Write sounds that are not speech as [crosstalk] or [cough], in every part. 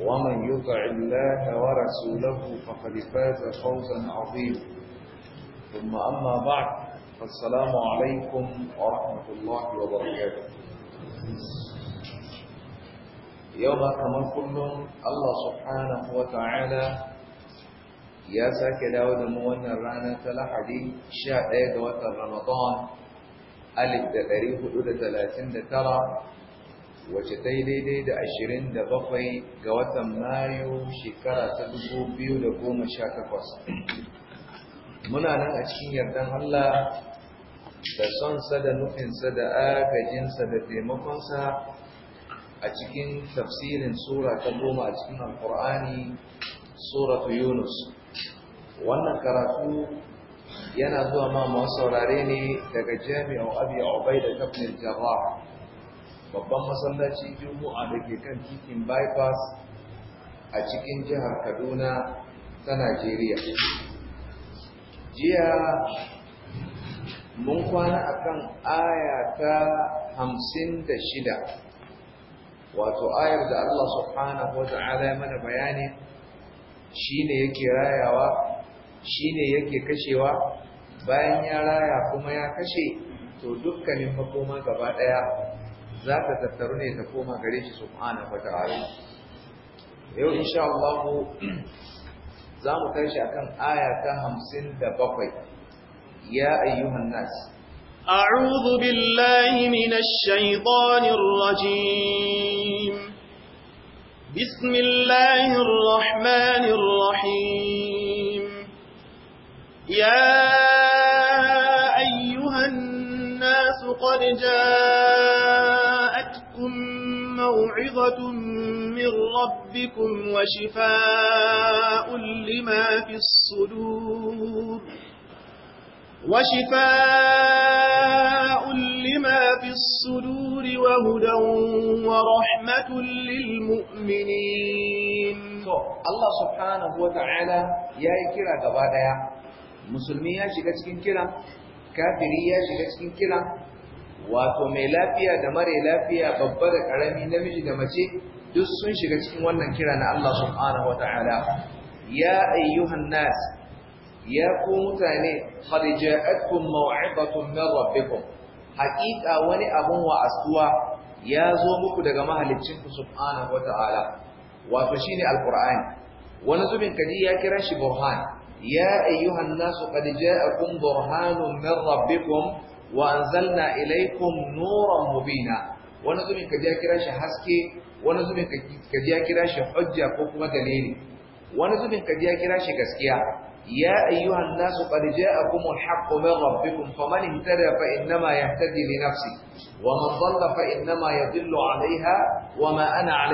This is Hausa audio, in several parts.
ومن يطع الله ورسوله فقد فاز فوزا عظيما ثم أما بعد فالسلام عليكم ورحمة الله وبركاته يوم كمان كلهم الله سبحانه وتعالى يا ساكي داود da mu wannan حديث ta رمضان الف ga watan ramadan alif Wace ta yi daidai da ashirin da bakwai ga watan mayu shekara ta dubu biyu da goma sha takwas muna nan a cikin yardan Allah da sonsa da nufinsa da agajinsa da taimakonsa a cikin tafsirin sura ta goma a cikin alkur'ani suratu yunus wannan karatu yana zuwa ma masu saurare ne daga jami'ar abu ya da kafin jarrah babban masallacin juma'a da ke kan titin bypass a cikin jihar kaduna ta najeriya jiya mun kwana akan aya ta hamsin da shida wato ayar da allah subhanahu wa ta'ala mana bayani shine yake rayawa shine yake kashewa bayan ya raya kuma ya kashe to dukkanin makoma gaba ɗaya ذات تفترني تقوم قريش سبحانه وتعالى يو إن شاء الله زام تيشا كان آية همسن دبقي يا أيها الناس أعوذ بالله من الشيطان الرجيم بسم الله الرحمن الرحيم يا أيها الناس قد جاءوا موعظة من ربكم وشفاء لما في الصدور وشفاء لما في الصدور وهدى ورحمة للمؤمنين الله سبحانه وتعالى يا كرا غبا دايا مسلمي يا shiga cikin kira wato mai lafiya da mare lafiya babba da ƙarami namiji da mace duk sun shiga cikin wannan kira na Allah subhanahu wataala ya ayyuhan nas ya ku mutane qad ja'atkum maw'izatun min rabbikum haqiqa wani abun wa'azuwa ya zo muku daga mahaliccin ku subhanahu wataala wato shine alqur'ani wani zubin kaji ya kira shi burhan ya ayyuhan nas qad ja'akum burhanun min rabbikum wa anzalna ilaykum nuran mubina wani zubin ka ji haske wani zubin ka ji kira ko kuma dalili wani zubin ka ji kira shi gaskiya ya ayyuhan nasu qad ja'akumul haqqu min rabbikum faman ihtada fa innama yahtadi li nafsi wa man dhalla fa innama wa ma ana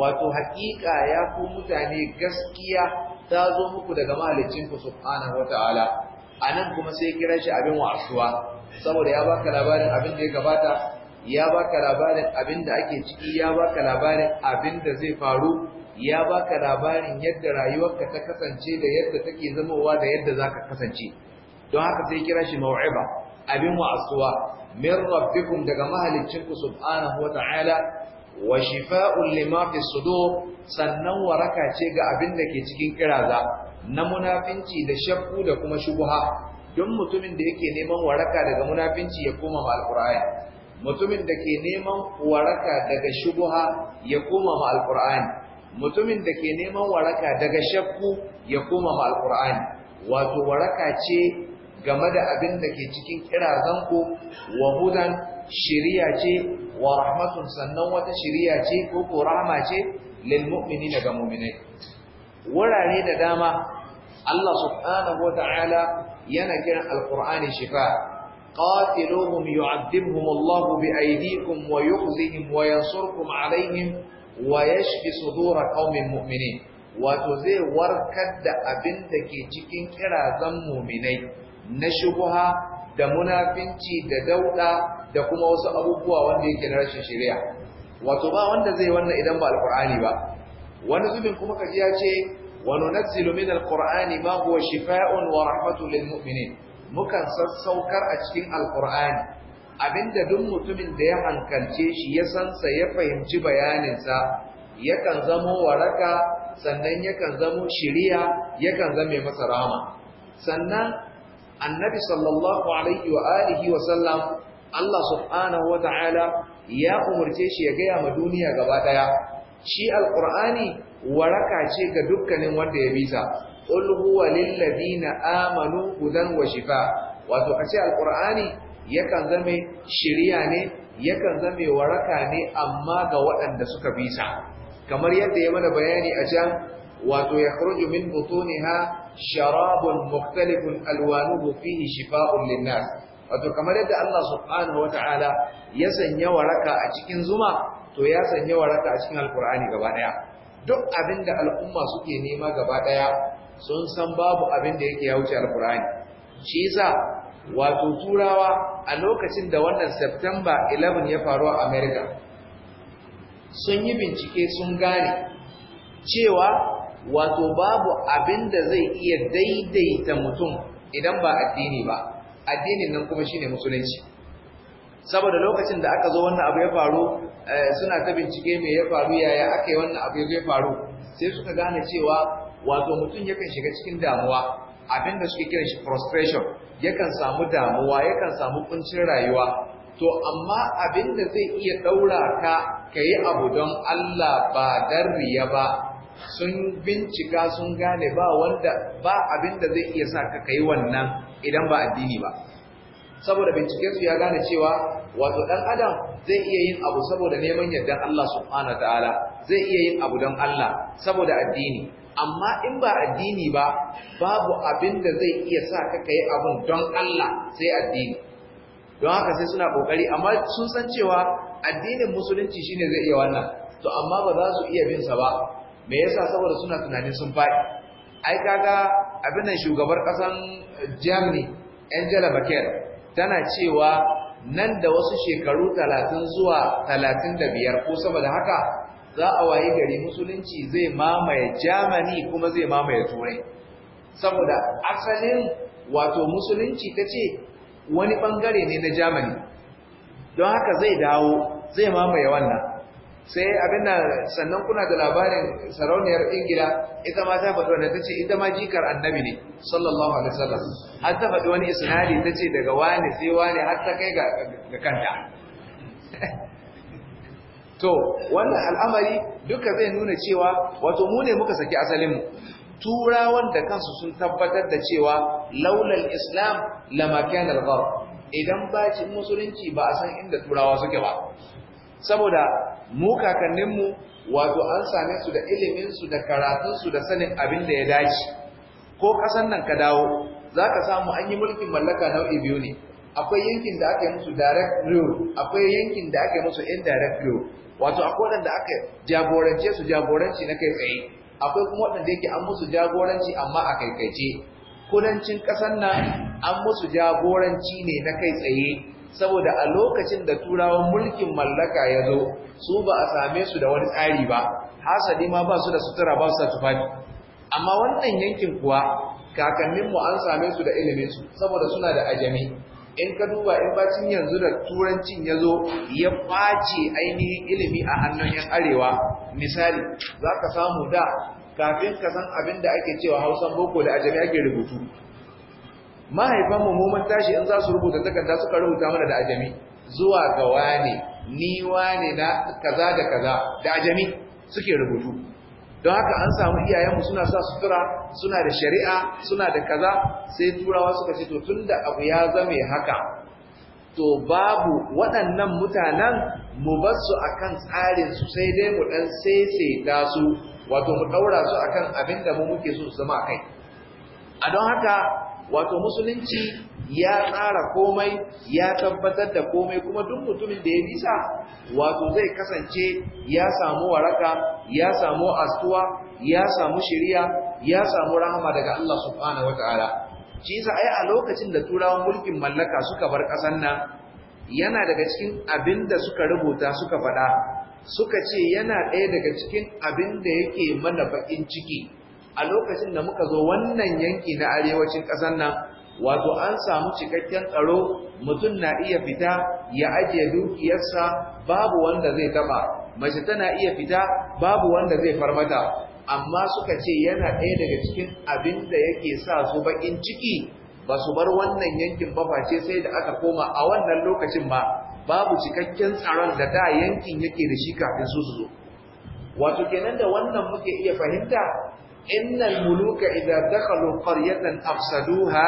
wato haƙiƙa ya mutane gaskiya ta zo muku daga mahalicinku subhanahu a nan kuma sai kira shi abin wasuwa saboda ya baka labarin abin da ya gabata ya baka labarin abin da ake ciki ya baka labarin abin da zai faru ya baka labarin yadda rayuwarka ta kasance da yadda take zamowa da yadda za ka kasance don haka sai kira shi mau'iba abin wasuwa min rabbikum daga mahaliccinku subhanahu wata'ala wa shifa'un lima fi sudur sannan waraka ce ga abin da ke cikin kiraza na munafinci da shakku da kuma shubuha don mutumin da yake neman waraka daga munafinci ya koma ma alqur'ani mutumin da ke neman waraka daga shubuha ya koma ma alqur'ani mutumin da ke neman waraka daga shakku ya koma ma alqur'ani wato waraka ce game da abin da ke cikin kirazanku wa hudan shiriya ce wa rahmatun sannan wata shiriya ce ko ko rahama ce lil mu'minina daga mu'minai wurare da dama Allah subhanahu wata'ala yana kiran alkur'ani shifa qatiluhum yu'adhibhum Allah bi aydikum wa yukhzihim wa yansurkum alaihim wa yashfi sudur qaumin mu'minin wato zai warkar da abin da ke cikin kirazan mu'minai na shubha da munafinci da dauda da kuma wasu abubuwa wanda yake na rashin shari'a wato ba wanda zai wannan idan ba alkur'ani ba wani zubin kuma kaji ya ce wa nunazzilu min alqur'ani ma huwa shifaa'un wa rahmatun lil mu'minin mukan sassaukar a cikin alqur'ani abinda duk mutumin da ya hankalce shi ya san ya fahimci bayanin sa yakan zamo waraka sannan yakan zamo shiriya yakan zame masa rama sannan annabi sallallahu alaihi wa alihi wa sallam Allah subhanahu wa ta'ala ya umurce shi ya gaya ma duniya gaba daya shi Alƙur'ani waraka ce ga dukkanin wanda ya bisa. qul huwa lil ladina amanu hudan wa shifa wato a ce alqur'ani yakan zame shiriya ne yakan zame waraka ne amma ga waɗanda suka bisa? kamar yadda ya mana bayani a can wato yakhruju min butuniha sharabun mukhtalifun alwanuhu fihi shifa'un linnas wato kamar yadda Allah subhanahu wataala ya sanya waraka a cikin zuma to ya sanya waraka a cikin alkur'ani gaba daya duk abin da al'umma suke nema gaba daya sun san babu abin da yake ya wuce alkur'ani shi yasa wato turawa a lokacin da wannan september 11 ya faru a america sun yi bincike sun gane cewa wato babu abin da zai iya daidaita mutum idan ba addini ba addinin nan kuma shine musulunci saboda lokacin da aka zo wannan abu ya faru eh, suna ta bincike mai ya faru yaya aka yi wannan abu ya faru sai suka gane cewa wato mutum yakan shiga cikin damuwa abin da suke kiran shi frustration yakan samu damuwa yakan samu kuncin rayuwa to amma abinda zai iya daura ka ka yi abu don Allah ba dan riya ba sun bincika sun gane ba wanda ba abin zai iya sa ka kai wannan idan ba addini ba saboda binciken su ya gane cewa wato dan adam zai iya yin abu saboda neman yardan Allah subhanahu wataala zai iya yin abu don Allah saboda addini amma in ba addini ba babu abin da zai iya sa ka kai abun don Allah sai addini don haka sai suna kokari amma sun san cewa addinin musulunci shine zai iya wannan to amma ba za su iya bin sa ba me yasa saboda suna tunanin sun faɗi ai kaga abin nan shugabar kasan Germany Angela Merkel tana cewa nan da wasu shekaru talatin zuwa talatin da biyar ko saboda haka za a wayi gari musulunci zai mamaye Jamani kuma zai mamaye turai saboda asalin wato musulunci ta ce wani bangare ne na Jamani. don haka zai dawo zai mamaye wannan sai abin nan sannan kuna da labarin sarauniyar ingila ita ma ta faɗi ta ce ita ma jikar annabi ne sallallahu alaihi wasallam har ta faɗi wani isnadi ce daga wani sai wani har ta kai ga kanta [laughs] to wannan al'amari duka zai nuna cewa wato mu ne muka saki asalin mu turawan da kansu sun tabbatar da cewa laulal islam lama kana al idan ba musulunci ba a san inda turawa suke ba saboda mu kakanninmu wato an same su da iliminsu da karatunsu da sanin abin da ya dace ko ƙasan nan ka dawo za ka samu an yi mulkin mallaka nau'i biyu ne akwai yankin da aka yi musu direct rule akwai yankin da aka yi musu indirect rule wato akwai waɗanda aka jagorance su jagoranci na kai tsaye akwai kuma waɗanda yake an musu jagoranci amma a kudancin ƙasan nan an musu jagoranci ne na kai tsaye saboda a lokacin da turawan mulkin mallaka ya zo su ba a same su da wani tsari ba hasali ma ba su da sutura ba su da tufafi amma wannan yankin kuwa kakanninmu an same su da su, saboda suna da ajami in ka duba in bacin yanzu da turancin ya zo ya face ainihin ilimi a hannun yan arewa misali za ka samu da kafin ka san abin da ake cewa hausan boko da ajami ake rubutu mahaifan mu mun tashi in za su rubuta takarda suka rubuta mana da ajami zuwa ga wane ni wane na kaza da kaza da ajami suke rubutu don haka an samu iyayen mu suna sa sutura suna da shari'a suna da kaza sai turawa suka ce to tunda abu ya zame haka to babu waɗannan mutanen mu bar su akan tsarin su sai dai mu dan saisaita su wato mu daura su akan abin da mu muke so su zama kai a don haka wato musulunci ya tsara komai ya tabbatar da komai kuma duk mutumin da ya nisa wato zai kasance ya samu waraka ya samu astuwa ya samu shiriya ya samu rahama daga Allah subhanahu wataala shi yasa ai a lokacin da turawan mulkin mallaka suka bar ƙasar nan yana daga cikin abin da suka rubuta suka faɗa suka ce yana ɗaya daga cikin abin da yake mana baƙin ciki a lokacin da muka zo wannan yanki na arewacin ƙasar nan wato an samu cikakken tsaro mutum na iya fita ya ajiye dukiyarsa babu wanda zai taba mace tana iya fita babu wanda zai farmata amma suka ce yana ɗaya daga cikin abin da yake sa su bakin ciki ba su bar wannan yankin ba face sai da aka koma a wannan lokacin ba babu cikakken tsaron da da yankin yake da shi kafin su su zo wato kenan da wannan muke iya fahimta innal muluka idza dakhalu qaryatan afsaduha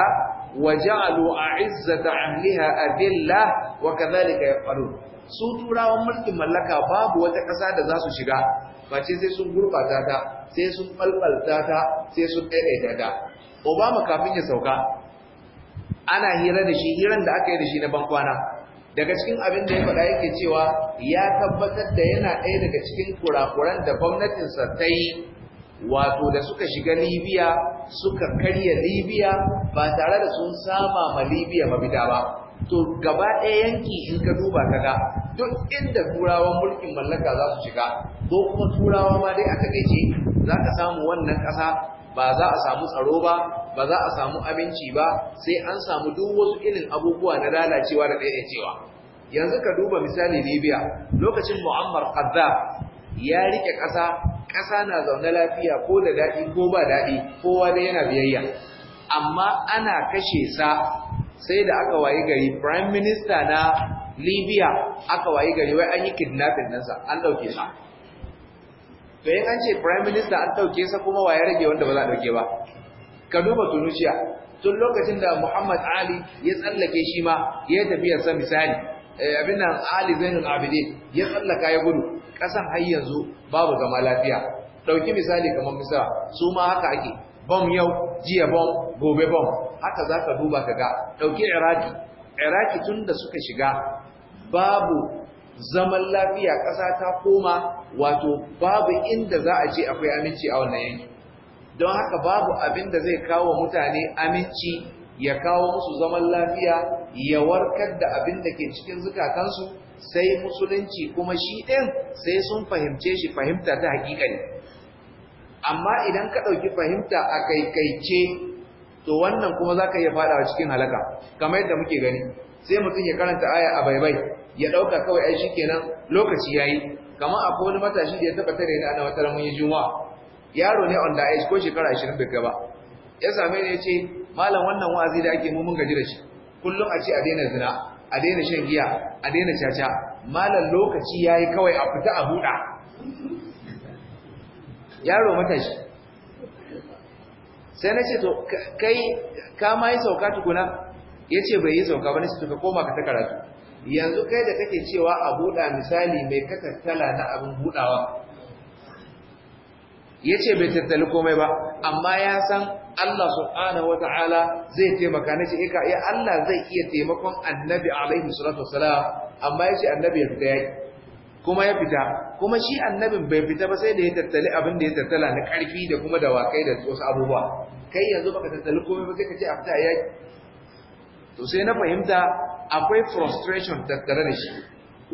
wa ja'alu a'izzata ahliha adilla wa kadhalika yaqulu su turawan mulkin mallaka babu wata ƙasa da za su shiga face sai sun gurbata ta sai sun balbalta ta sai sun daidaita ta obama kafin ya sauka ana hira da shi hiran da aka yi da shi na bankwana daga cikin abin da ya faɗa yake cewa ya tabbatar da yana ɗaya daga cikin kurakuran da gwamnatinsa ta yi wato da suka shiga Libya suka karya Libya ba tare da sun sama ma Libya mabida ba to gaba ɗaya yanki in ka duba kaga duk inda turawan mulkin mallaka za su shiga ko kuma turawa ma dai a takaice za ka samu wannan ƙasa ba za a samu tsaro ba ba za a samu abinci ba sai an samu duk wasu irin abubuwa na lalacewa da ɗaya. yanzu ka duba misali Libya lokacin Muammar Qaddaf ya rike ƙasa ƙasa na zaune lafiya ko da daɗi ko ba daɗi kowa dai yana biyayya amma ana kashe sa sai da aka wayi gari prime minister na libya aka wayi gari wai an yi kidnapping nasa an ɗauke sa to yin an ce prime minister an ɗauke sa kuma waye rage wanda ba za a ɗauke ba ka duba tunisia tun lokacin da muhammad ali ya tsallake shi ma ya tafi sa misali Eh, abin nan Ali Zainul Abidin ya tsallaka ya gudu kasan har yanzu babu zama lafiya dauki misali kamar misala, su ma haka ake bom yau jiya bom gobe bom haka zaka duba ka ga. dauki Iraki Iraki tun da suka shiga babu zaman lafiya ƙasa ta koma wato babu inda za a ce akwai aminci a wannan yanki don haka babu abin da zai kawo mutane aminci ya kawo musu zaman lafiya ya warkar da abin da ke cikin zukatansu sai musulunci kuma shi ɗin sai sun fahimce shi fahimta ta ne amma idan ka ɗauki fahimta a kaikaice to wannan kuma za ka iya faɗawa cikin halaka kamar yadda muke gani sai mutum ya karanta aya a baibai ya ɗauka kawai ai kenan lokaci ya yi kamar akwai wani matashi da ya taɓa tare da ana wata ramun yi juma'a yaro ne on da ko shekara ashirin bai kai ya same ne ya ce malam wannan wa'azi da ake mun gaji da shi kullum a ce a daina zina a daina shan giya a daina caca malam lokaci yayi kawai a fita a huda yaro matashi sai na ce to kai ka ma yi sauka tukuna ya ce bai yi sauka ba na ce to ka koma ka ta karatu yanzu kai da kake cewa a buɗa misali mai katattala na abin buɗawa Ya ce bai tattali komai ba amma ya san Allah subhanahu Ala zai taimaka ce ika eh ya eh Allah zai iya taimakon annabi alaihi salatu wasalam amma ya ce annabi ya fita yaki kuma ya fita kuma shi annabin bai fita ba sai da ya tattali abin da ya tattala na karfi da kuma da wakai da wasu abubuwa kai yanzu baka tattali komai ba sai ka ce a fita yaki to sai na fahimta akwai frustration tattare da shi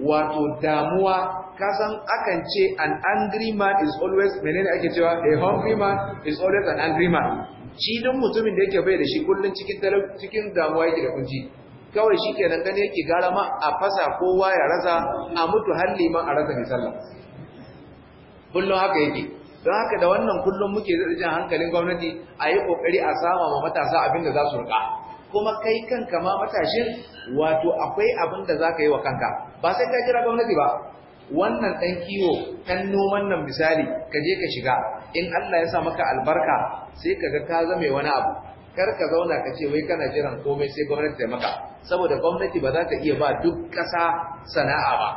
wato damuwa kasan akan ce an angry man is always menene ake cewa a hungry man is always an angry man shi duk mutumin da yake bai da shi kullun cikin cikin damuwa yake da kunci kawai shi kenan gane yake gara ma a fasa kowa ya rasa a mutu halli ma a rasa mai sallah kullun haka yake don haka da wannan kullum muke jan hankalin gwamnati a yi ƙoƙari a sama ma matasa abin da za su riƙa kuma kai kanka ma matashin wato akwai abin da za ka yi wa kanka ba sai ka kira gwamnati ba wannan ɗan kiwo ɗan noman nan misali ka je ka shiga in Allah ya sa maka albarka sai ka ga ka zame wani abu kar ka zauna ka ce wai kana jiran komai sai gwamnati ta maka saboda gwamnati ba za ta iya ba duk ƙasa sana'a ba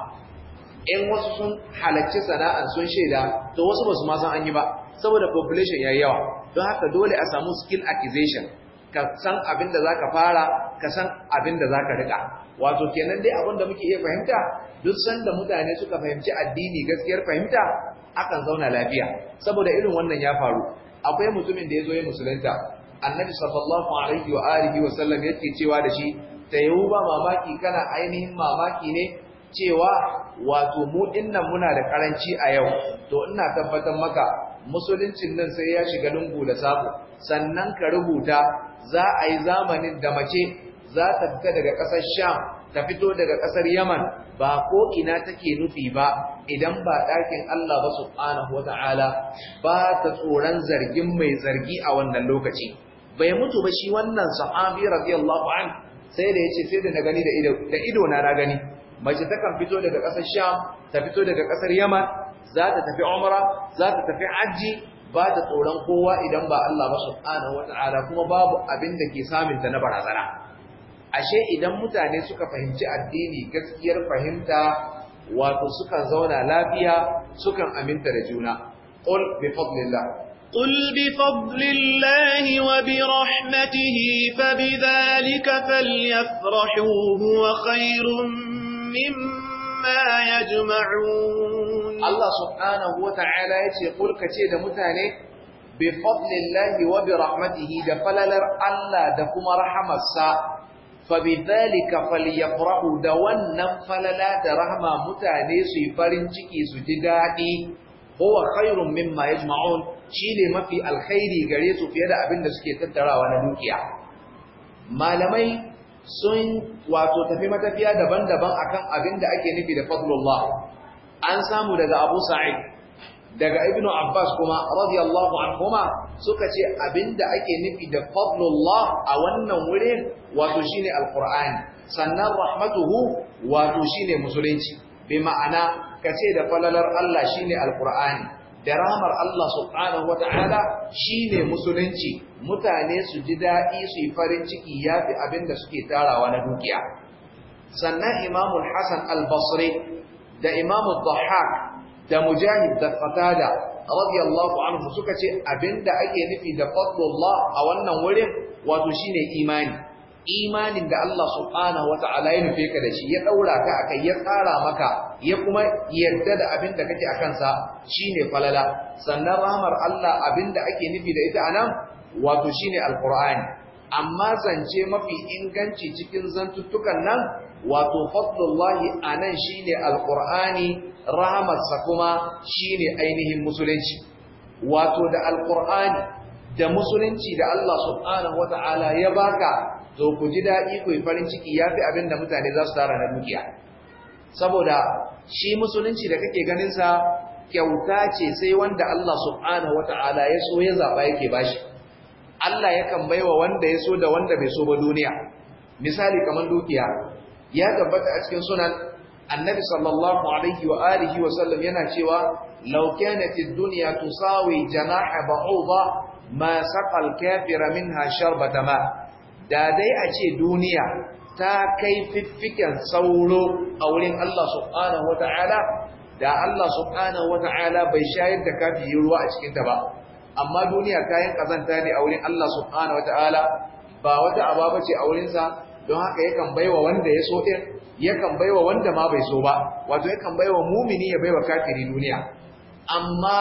in wasu sun halarci sana'ar sun shaida to wasu ba su ma san an yi ba saboda population ya yawa don haka dole a samu skill acquisition ka san abin da za ka fara ka san abin da za ka rika wato kenan dai abin da muke iya fahimta duk sanda mutane suka fahimci addini gaskiyar fahimta akan zauna lafiya saboda irin wannan ya faru akwai mutumin da ya zo ya musulunta annabi sallallahu alaihi wa alihi wa sallam yake cewa da shi "Ta yau ba mamaki kana ainihin mamaki ne cewa wato mu dinnan muna da karanci a yau to ina tabbatar maka musuluncin nan sai ya shiga lungu da sako sannan ka rubuta za a yi zamanin da mace za ta fita daga ƙasar sham ta fito daga ƙasar yaman ba ko ina take nufi ba idan ba ɗakin Allah ba subhanahu wata'ala ba ta tsoron zargin mai zargi a wannan lokaci bai mutu ba shi wannan sahabi radiyallahu an sai da yace sai da na gani da ido na na gani mace ta kan fito daga ƙasar sham ta fito daga ƙasar yaman za ta tafi umra za ta tafi hajji ba ta tsoron kowa idan ba Allah ba subhanahu wata'ala kuma babu abin da ke samunta na barazana ashe idan mutane suka fahimci addini gaskiyar fahimta wato sukan zauna lafiya sukan aminta da juna qul bi fadlillah qul bi fadlillah wa bi rahmatihi fa bidhalika falyafrahu huwa khairun mimma yajma'un Allah subhanahu wa ta'ala yace qul kace da mutane bi fadlillah wa bi rahmatihi da falalar Allah da kuma rahamarsa fabidhalika falyafrahu da wannan falala da rahama mutane su yi farin ciki su ji daɗi huwa khairun min yajma'un shine mafi alkhairi gare su fiye da abin da suke tattarawa na dukiya malamai sun wato tafi matafiya daban-daban akan abin da ake nufi da fadlullah an samu daga Abu Sa'id daga Ibn Abbas kuma radiyallahu anhuma suka ce abinda ake nufi da fadlullah a wannan wurin wato shine alqur'ani sannan rahmatuhu wato shine musulunci bi ma'ana kace da falalar Allah shine alqur'ani da rahmar Allah subhanahu wata'ala shine musulunci mutane su ji daɗi su yi farin ciki yafi abinda suke tarawa na dukiya sannan imamul hasan al-basri da imamul dhahhak da mujahid da fatada radiyallahu anhu suka ce abinda ake nufi da fadlullah a wannan wurin wato shine imani imanin da Allah subhanahu wata'ala ya nufe ka da shi ya daura ka akai ya tsara maka ya kuma yarda da abin da kake akan sa shine falala sannan rahmar Allah abinda ake nufi da ita anan wato shine alqur'ani amma zance mafi inganci cikin zantuttukan nan wato fadlullahi anan shine alqur'ani rahamarsa kuma shine ainihin musulunci wato da alqur'ani da musulunci da Allah subhanahu wata'ala ya baka to ku ji daɗi ku yi farin ciki yafi abin da mutane za su tara na dukiya saboda shi musulunci da kake ganin sa kyauta ce sai wanda Allah subhanahu wata'ala ya so ya zaba yake bashi Allah yakan baiwa wanda ya so da wanda bai so ba duniya misali kamar dukiya ya tabbata a cikin sunan annabi sallallahu alaihi wa alihi wa sallam yana cewa law duniya ad-dunya tusawi janaha ba'udha ma saqa al-kafira minha sharbata ma da dai a ce duniya ta kai fiffiken sauro a wurin Allah subhanahu wa ta'ala da Allah subhanahu wa ta'ala bai shayar da yi ruwa a cikinta ba amma duniya kayan kazanta ne a wurin Allah subhanahu wa ta'ala ba wata ababa ce a wurinsa don haka yakan baiwa wanda ya so din yakan baiwa wanda ma bai so ba wato yakan baiwa mumini ya baiwa kafiri duniya amma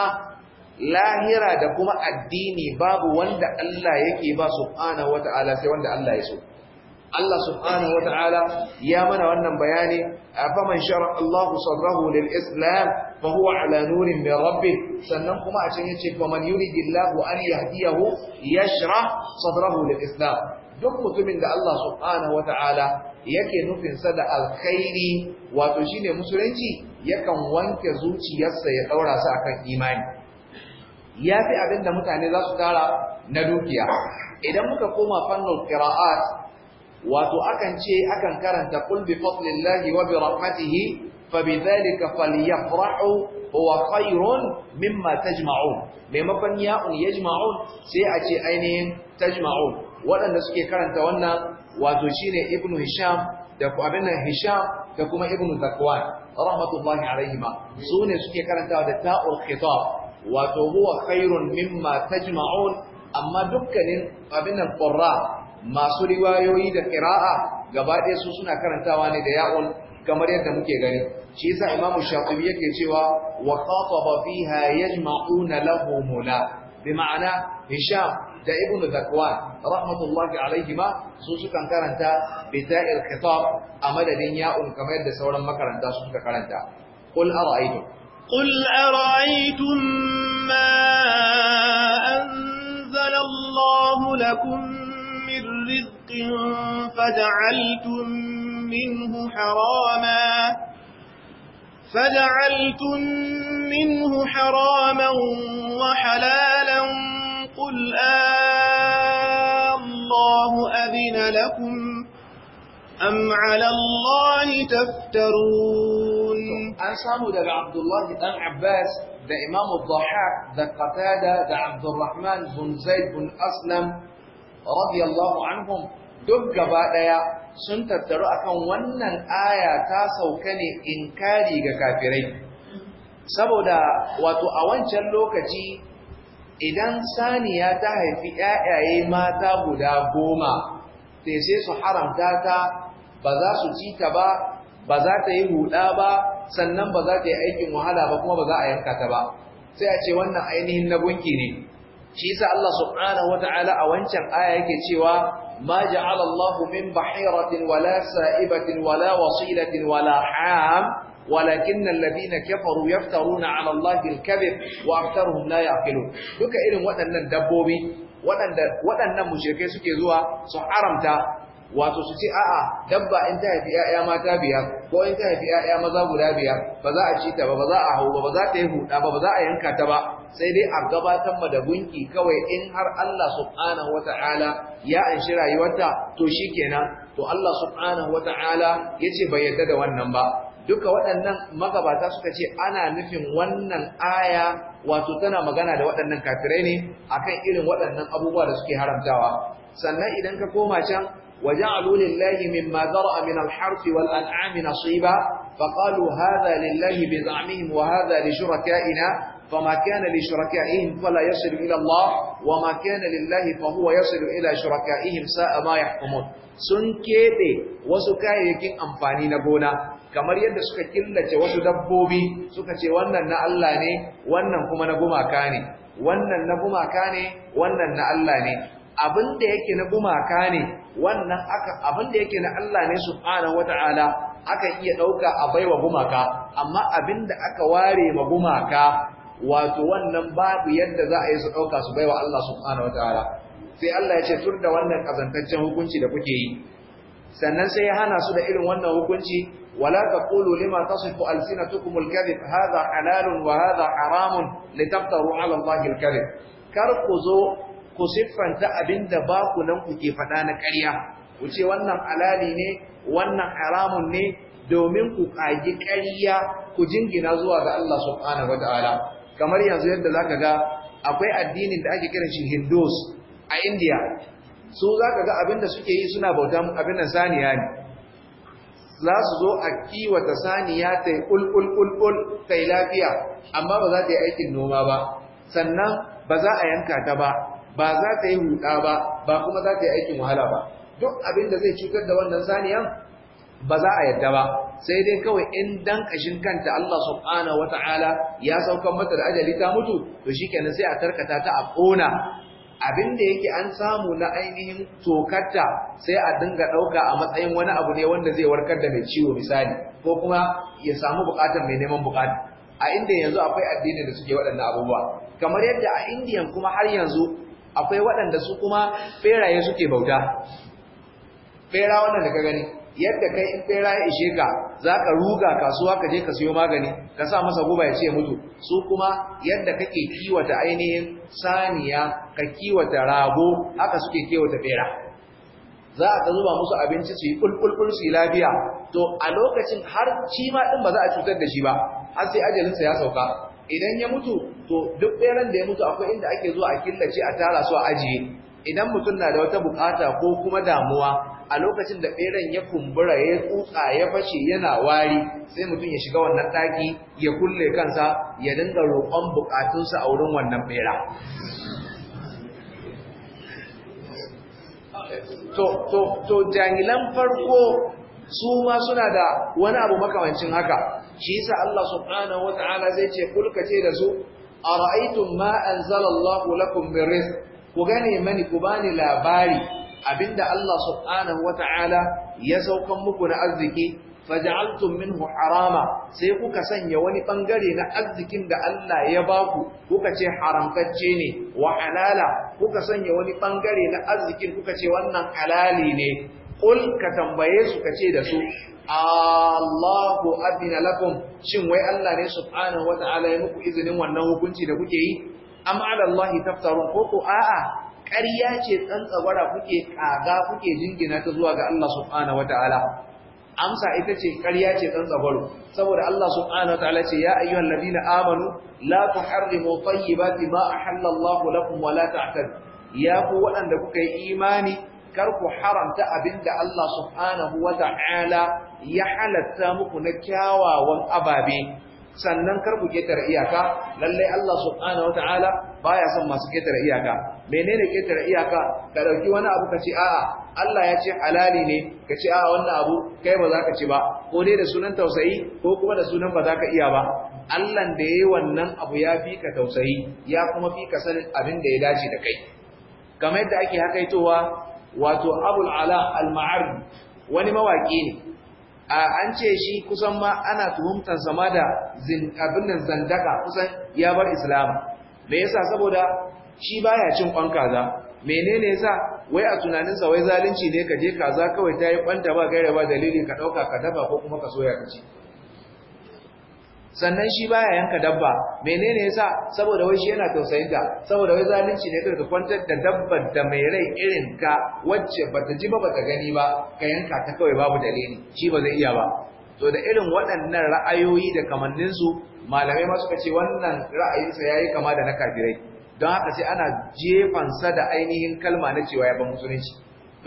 lahira da kuma addini babu wanda Allah yake ba wa Taala, sai wanda Allah ya so Allah wa Taala ya mana wannan bayani afaman shara Allahu sadrahu lil islam fa huwa ala nurin min rabbih sannan kuma a can yace faman yuridillahu an yahdiyahu yashrah sadrahu lil islam duk mutumin da Allah subhanahu wata'ala yake nufinsa da alkhairi wato shine musulunci yakan wanke zuciyarsa ya daura su akan imani ya fi abin da mutane za su tara na dukiya idan muka koma fannin qira'at wato akan ce akan karanta qul bi fadlillahi wa bi rahmatihi فبذلك فليفرحوا هو خير مما تجمعون maimakon ya'un yajma'un sai a ce ainihin tajma'un waɗanda suke karanta wannan wato shine ibnu hisham da ku abin nan hisham da kuma ibnu zakwan rahmatullahi alaihima su ne suke karantawa da ta'ul khitab wato huwa khairun mimma tajma'un amma dukkanin abin nan qurra masu riwayoyi da qira'a gaba ɗaya su suna karantawa ne da ya'ul kamar yadda muke gani shi yasa imamu shatibi yake cewa wa qataba fiha yajma'una lahu mula bi ma'ana hisham da ibnu zakwan rahmatullahi alaihima su sukan karanta bita'il khitab a madadin ya'un kamar yadda sauran makaranta su suka karanta qul ara'aytum qul ara'aytum ma anzala Allahu lakum من رزق فجعلتم منه حراما فجعلتم منه حراما وحلالا قل آه الله أذن لكم أم على الله تفترون أن سامو دقى عبد الله بن عباس دا إمام الضحاك دا قتادة دا عبد الرحمن بن زيد بن أسلم رضي الله عنهم دقى بعد sun tattaru akan wannan aya ta sauka ne inkari ga kafirai saboda wato a wancan lokaci idan saniya ta haifi ‘ya'yaye mata guda goma, sai sai su haramta ta ba za su ci ta ba, ba za ta yi huɗa ba, sannan ba za ta yi aikin wahala ba kuma ba za a yanka ta ba. Sai a ce wannan ainihin na gunki ne. Shi yasa Allah subhanahu wa ta'ala a wancan aya yake cewa ma ja'ala Allahu min bahiratin wala sa'ibatin wala wasilatin wala ham walakin alladhina kafaru yaftaruna ala allahi alkadhib wa aktharuhum la duka irin waɗannan dabbobi waɗanda waɗannan mushrikai suke zuwa su haramta wato su ce a'a dabba in ta haifi ƴaƴa mata biyar ko in ta haifi ƴaƴa maza guda biyar ba za a ci ta ba ba za a hau ba ba za ta yi huda ba ba za a yanka ta ba sai dai a gabatar ma da gunki kawai in har Allah subhanahu wata'ala ya anshi rayuwarta to shikenan to Allah subhanahu wata'ala yace bai yarda da wannan ba duka waɗannan magabata suka ce ana nufin wannan aya wato tana magana da waɗannan kafirai ne akan irin waɗannan abubuwa da suke haramtawa sannan idan ka koma can وجعلوا لله مما ذرأ من الحرث والأنعام نصيبا فقالوا هذا لله بزعمهم وهذا لشركائنا فما كان لشركائهم فلا يصل إلى الله وما كان لله فهو يصل إلى شركائهم ساء ما يحكمون sun keɓe wasu kayayyakin amfani na gona kamar yadda suka killace wasu dabbobi suka ce wannan na Allah ne wannan kuma na gumaka ne wannan na gumaka ne wannan na Allah ne abin da yake na gumaka ne wannan aka abin da yake na Allah ne subhanahu wata'ala aka iya dauka a baiwa gumaka amma abin da aka ware ma gumaka wato wannan babu yadda za a yi su ɗauka su baiwa Allah subhanahu wataala sai Allah ya ce tun da wannan kazantaccen hukunci da kuke yi sannan sai ya hana su da irin wannan hukunci wala taqulu lima tasifu alsinatukum alkadhib hadha halalun wa hadha haramun litaftaru ala Allah alkadhib kar ku zo ku siffanta abinda ba ku nan ku ke faɗa na ƙarya ku ce wannan alali ne wannan haramun ne domin ku ƙagi ƙarya ku jingina zuwa ga Allah subhanahu wataala kamar yanzu yadda za ka ga akwai addinin da ake kiran shi hindus a india su za ka ga abinda suke yi suna bauta abin da saniya ne za su zo a kiwata saniya ta yi ƙulƙulƙulƙul ta yi lafiya amma ba za ta yi aikin noma ba sannan ba za a yanka ta ba ba za ta yi huɗa ba ba kuma za ta yi aikin wahala ba duk abin da zai cutar da wannan saniyan ba za a yadda ba sai dai kawai in dan kashin kanta Allah subhanahu wataala ya sauka mata da ajali ta mutu to shikenan sai a tarkata ta a kona abin da yake an samu na ainihin tokarta sai a dinga dauka a matsayin wani abu ne wanda zai warkar da mai ciwo misali ko kuma ya samu bukatar mai neman bukata a inda yanzu akwai addini da suke waɗannan abubuwa kamar yadda a indiyan kuma har yanzu akwai waɗanda su kuma feraye suke bauta fera wannan da ka gani yadda kai in bera ya ishe ka za ka ruga kasuwa ka je ka siyo magani ka sa masa guba ya ce mutu su kuma yadda kake kiwata ainihin saniya ka kiwata rago haka suke kiwata bera za a ta zuba musu abinci su yi kulkulkul su yi lafiya to a lokacin har shi ma din ba za a cutar da shi ba har sai ajalinsa ya sauka idan ya mutu to duk beran da ya mutu akwai inda ake zuwa a killace a tara su a ajiye idan mutum na da wata bukata ko kuma damuwa a lokacin da ɓeran ya kumbura ya tsutsa ya fashe yana wari sai mutum ya shiga wannan ɗaki ya kulle kansa ya dinga roƙon bukatunsa a wurin wannan ɓera to jahilan farko su ma suna da wani abu makamancin haka shi yasa Allah subhanahu wata'ala zai ce kulka ce da su ara'aytum ma anzala Allahu lakum min rizq ku gane mani ku bani labari abinda Allah subhanahu wata'ala ya saukan muku na arziki faj'altum minhu harama sai kuka sanya wani bangare na arzikin da Allah ya baku kuka ce haramtacce ne wa halala kuka sanya wani bangare na arzikin kuka ce wannan halali ne kul ka tambaye su ka ce da su Allahu adina lakum shin wai Allah ne subhanahu wata'ala ya muku izinin wannan hukunci da kuke yi am ala Allah taftarun ko ko a'a ƙarya ce tsantsagwara kuke kaga kuke jingina ta zuwa ga Allah subhanahu wataala amsa ita ce ƙarya ce tsantsagwaro saboda Allah subhanahu wataala ce ya ayyuhal ladina amanu la tuharrimu tayyibati ma ahalla Allah lakum wa la ta'tadu ya ku waɗanda kuka yi imani kar ku haramta abinda Allah subhanahu wataala ya halatta muku na kyawawan ababe sannan kar ku ketare iyaka lallai Allah subhanahu wataala baya son masu ketare iyaka menene ketare iyaka ka dauki wani abu ka ce a'a Allah ya ce halali ne ka ce a'a wannan abu kai ba za ka ci ba ko dai da sunan tausayi ko kuma da sunan ba za ka iya ba Allah da yayi wannan abu ya fi ka tausayi ya kuma fi ka sanin abin da ya dace da kai kamar yadda ake hakaitowa wato Abul Ala al maar wani mawaki ne an ce shi kusan ma ana tuhumtar zama da abin da zandaka kusan ya bar Islam. me yasa saboda shi baya cin kwan kaza menene yasa wai a tunaninsa wai zalunci ne ka je kaza kawai ta yi kwanta ba gaira ba dalili ka ɗauka ka dafa ko kuma ka soya ka ci sannan shi baya yanka dabba menene yasa saboda wai shi yana tausayin ta saboda wai zalunci ne kada ka kwantar da dabbar da mai rai irin ka wacce bata ji ba bata gani ba ka yanka ta kawai babu dalili shi ba zai iya ba to da irin waɗannan ra'ayoyi da kamannin su malamai ma suka ce wannan ra'ayinsa yayi kama da na kafirai don haka sai ana jefansa da ainihin kalma na cewa ya ba musulunci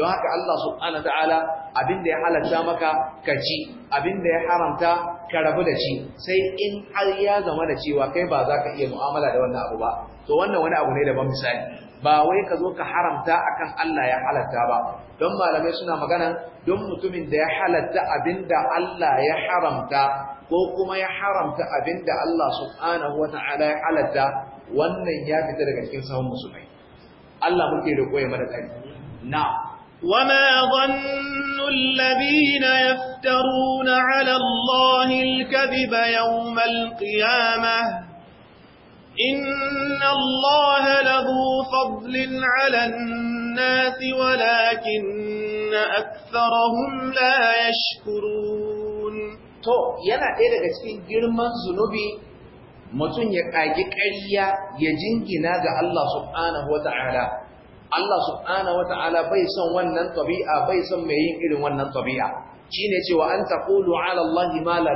don haka Allah subhanahu wa ta'ala abinda ya halatta maka ka ci abinda ya haramta ka rabu da shi sai in har ya zama da cewa kai ba za ka iya mu'amala da wannan abu ba to wannan wani abu ne daban misali ba wai ka zo ka haramta akan Allah ya halatta ba don malamai suna magana don mutumin da ya halatta abinda Allah ya haramta ko kuma ya haramta abinda Allah subhanahu wata'ala ya halatta wannan ya fita daga cikin sahun musulmai Allah muke da ya mana tsari na'am وما ظن الذين يفترون على الله الكذب يوم القيامة إن الله لذو فضل على الناس ولكن أكثرهم لا يشكرون to yana ɗaya daga cikin girman zunubi mutum ya ƙagi ƙarya ya jingina ga Allah subhanahu Allah subhanahu wata'ala bai son wannan tabi'a bai son mai yin irin wannan tabi'a shine cewa an taqulu ala Allah ma la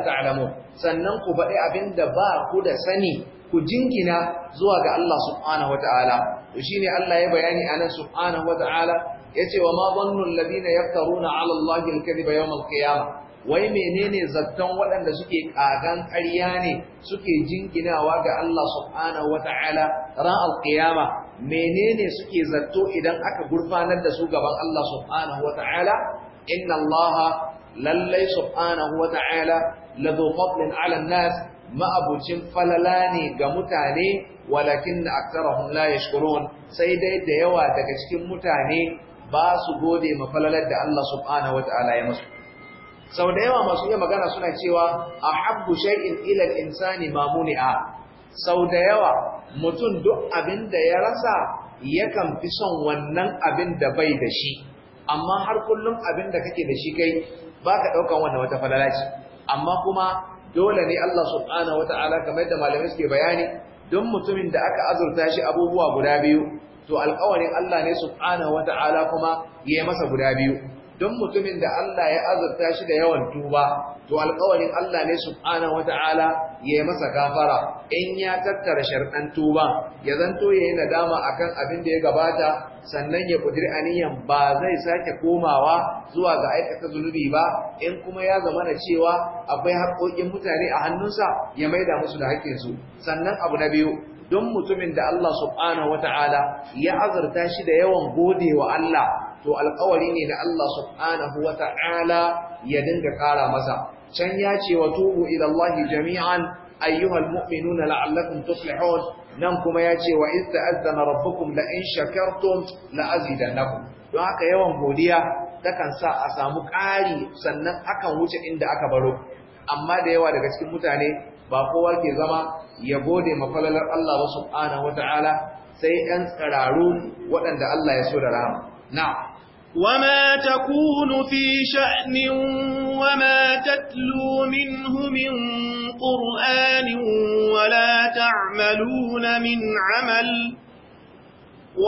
sannan ku faɗi abinda ba ku da sani ku jingina zuwa ga Allah subhanahu wata'ala to shine Allah ya bayani anan subhanahu wata'ala yace wa ma dhannu alladhina yaftaruna ala Allah al-kadhiba yawm al-qiyamah wai menene zaton waɗanda suke ƙagan ƙarya ne suke jinginawa ga Allah subhanahu wata'ala ran alƙiyama menene suke zato idan aka gurfanar da su gaban Allah subhanahu wata'ala inna Allah lallai subhanahu wata'ala la dhu fadlin 'ala nas ma'abucin falala ne ga mutane walakin na aktarahum la yashkurun sai dai da yawa daga cikin mutane ba su gode ma falalar da Allah subhanahu wata'ala ya musu sau da yawa masu iya magana suna cewa a habbu shay'in ilal insani mamuni'a sau da yawa mutum duk abin da ya rasa yakan fi son wannan abin da bai da shi amma har kullum abin da kake da shi kai baka ɗaukan wannan wata falalaci amma kuma dole ne Allah subhanahu wataala kamar da malamai suke bayani don mutumin da aka azurta shi abubuwa guda biyu to alƙawarin Allah ne subhanahu wataala kuma ya yi masa guda biyu don mutumin da Allah ya azurta shi da yawan tuba to alƙawarin Allah ne subhanahu wata'ala ya yi masa gafara in ya tattara sharɗan tuba ya zanto ya yi nadama akan abin da ya gabata sannan ya kudiri aniyan ba zai sake komawa zuwa ga aikata zunubi ba in kuma ya zama na cewa akwai haƙoƙin mutane a hannunsa ya maida musu da haƙƙinsu sannan abu na biyu don mutumin da Allah subhanahu wata'ala ya azurta shi da yawan gode wa Allah to alƙawari ne da Allah subhanahu wa ta'ala ya dinga ƙara masa can ya ce wa tubu ila Allah jami'an ayyuhal mu'minuna la'allakum tuflihun nan kuma ya ce wa iz ta'azzana rabbukum la in shakartum la azidannakum don haka yawan godiya takan sa a samu ƙari sannan akan wuce inda aka baro amma da yawa daga cikin mutane ba kowa ke zama ya gode mafalalar Allah ba subhanahu sai 'yan tsararu waɗanda Allah ya so da rahama na'am وما تكون في شأن وما تتلو منه من قرآن ولا تعملون من عمل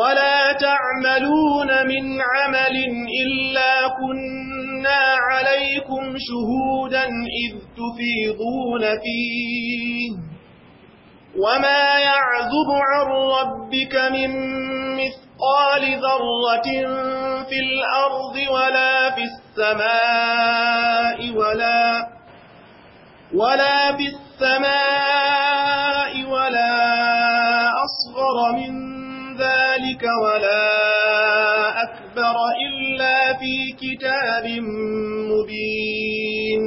ولا تعملون من عمل إلا كنا عليكم شهودا إذ تفيضون فيه وما يعذب عن ربك من مثل مثقال ذرة في الأرض ولا في السماء ولا ولا في السماء ولا أصغر من ذلك ولا أكبر إلا في كتاب مبين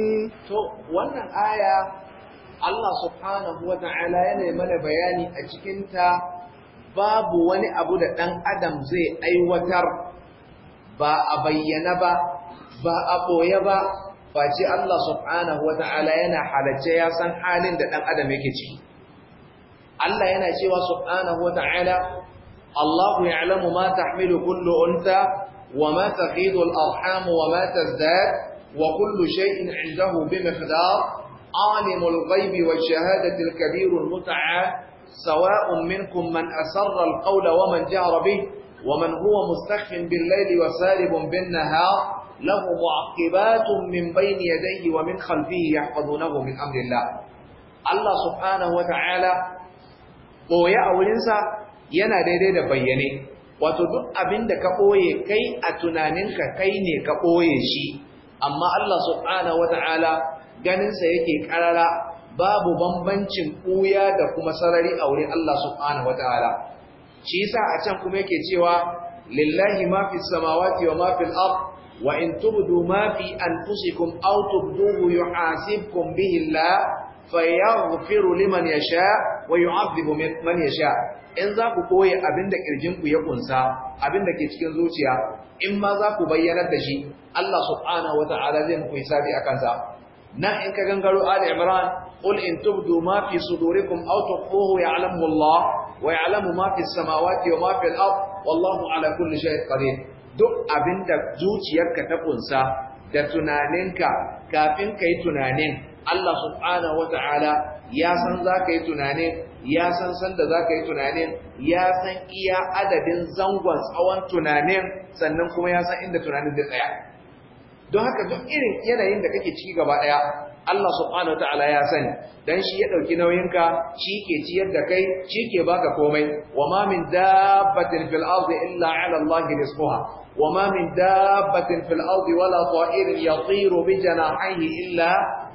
to wannan الله سبحانه وتعالى wa من بياني mana babu wani abu da ɗan adam zai aiwatar ba a bayyana ba ba a ɓoye ba face Allah subhanahu wata'ala yana halarce ya san halin da ɗan adam yake ciki Allah yana cewa subhanahu ta'ala Allah ya'lamu ma tahmilu kullu unta wa ma taqidu al-arham wa ma tazdad wa kullu shai'in 'indahu bi miqdar alimul gaibi wa shahadatil kabirul kabir سواء منكم من أسر القول ومن جهر به ومن هو مستخف بالليل وسارب بالنهار له معقبات من بين يديه ومن خلفه يحفظونه من أمر الله الله سبحانه وتعالى ɓoye a wurinsa yana daidai da bayyane wato duk abin da ka ɓoye kai a tunaninka kai ne ka ɓoye shi amma Allah subhanahu wata'ala ganinsa yake ƙarara babu bambancin ɓuya da kuma sarari a wurin Allah subhanahu wataala shi yasa a can kuma yake cewa lillahi ma fi samawati wa ma fil ard wa in tubdu ma fi duhu aw tubduhu yuhasibkum bihi Allah fayaghfiru liman sha, wa yu'adhibu man yasha in za ku abin abinda ƙirjin ku ya kunsa abinda ke cikin zuciya in ma za ku bayyanar da shi Allah subhanahu wata'ala zai muku hisabi a kansa. nan in ka gangaro Ali Imran قل إن تبدوا ما في صدوركم أو تخفوه يعلمه الله ويعلم ما في السماوات وما في الأرض والله على كل شيء قدير duk abin da zuciyarka ta kunsa da tunaninka kafin ka yi tunanin Allah subhanahu ta'ala ya san za ka yi tunanin ya san sanda za ka yi tunanin ya san iya adadin zangon tsawon tunanin sannan kuma ya san inda tunanin zai tsaya don haka duk irin yanayin da kake ciki gaba ɗaya Allah subhanahu ta'ala ya sani dan shi ya ɗauki nauyinka shi ke ciyar da kai shi ke baka komai ma min dabbatin fil ardi illa ala Allah Wa ma min dabbatin fil ardi wala ta'irin yatiru bi janahihi illa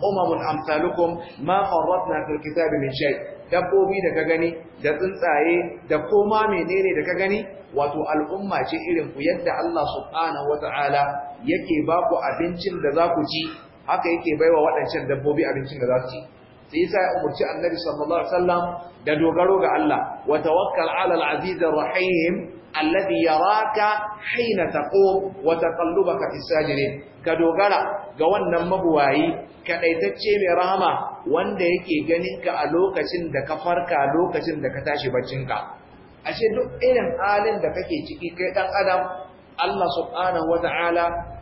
umamun amsalukum ma farratna fil kitabi min shay dabbobi da ka gani da tsuntsaye da koma menene da ka gani wato al'umma ce irin ku yadda Allah subhanahu ta'ala yake baku abincin da za ku ci haka yake baiwa waɗancan dabbobi abincin da za su ci sai yasa ya umurci annabi sallallahu alaihi wasallam da dogaro ga Allah wa tawakkal ala al-aziz ar-rahim alladhi yaraka hina taqum wa taqallubaka fis sajidin ka dogara ga wannan mabuwayi kaɗaitacce mai rahama wanda yake ganin ka a lokacin da ka farka lokacin da ka tashi baccin ka ashe duk irin halin da kake ciki kai dan adam Allah subhanahu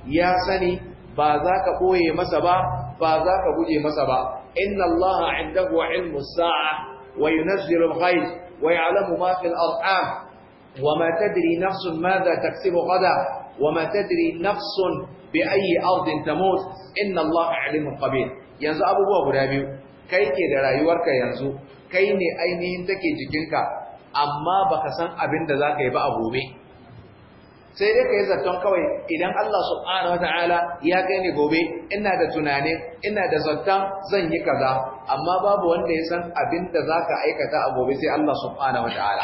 ya sani ba za ka ɓoye masa ba ba za ka guje masa ba inna allaha kuwa ilmu sa'a wa yunazzilu al-ghayb wa ya'lamu ma fil arham وما تدري نفس ماذا Wa غدا وما تدري نفس بأي أرض تموت Inna الله عليم قبيل yanzu abubuwa guda biyu kai ke da rayuwarka yanzu kai ne ainihin take jikinka amma baka san abin da ka yi ba a gobe sai dai ka yi zaton kawai idan Allah subhanahu wataala ya kai ni gobe ina da tunani ina da zaton, zan yi kaza amma babu wanda ya san abin da zaka aikata a gobe sai Allah subhanahu wataala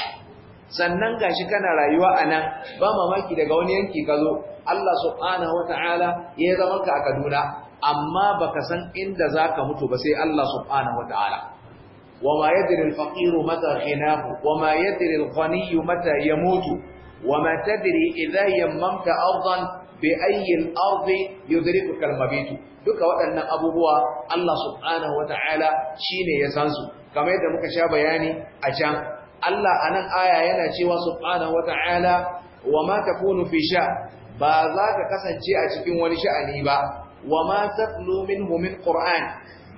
sannan gashi kana rayuwa a nan, ba mamaki daga wani yanki ka zo Allah subhanahu wataala ya zaman ka a Kaduna amma baka san inda zaka mutu ba sai Allah subhanahu wataala وما يدري الفقير متى غناه وما يدري الغني متى يموت وما تدري إذا يممت أرضا بأي الأرض يدركك المبيت duka waɗannan abubuwa Allah subhanahu wata'ala shine ya san su kamar yadda muka sha bayani a can Allah a nan aya yana cewa subhanahu ta'ala wa ma takunu fi sha ba za ka kasance a cikin wani sha'ani ba wa ma tatlu minhu min qur'an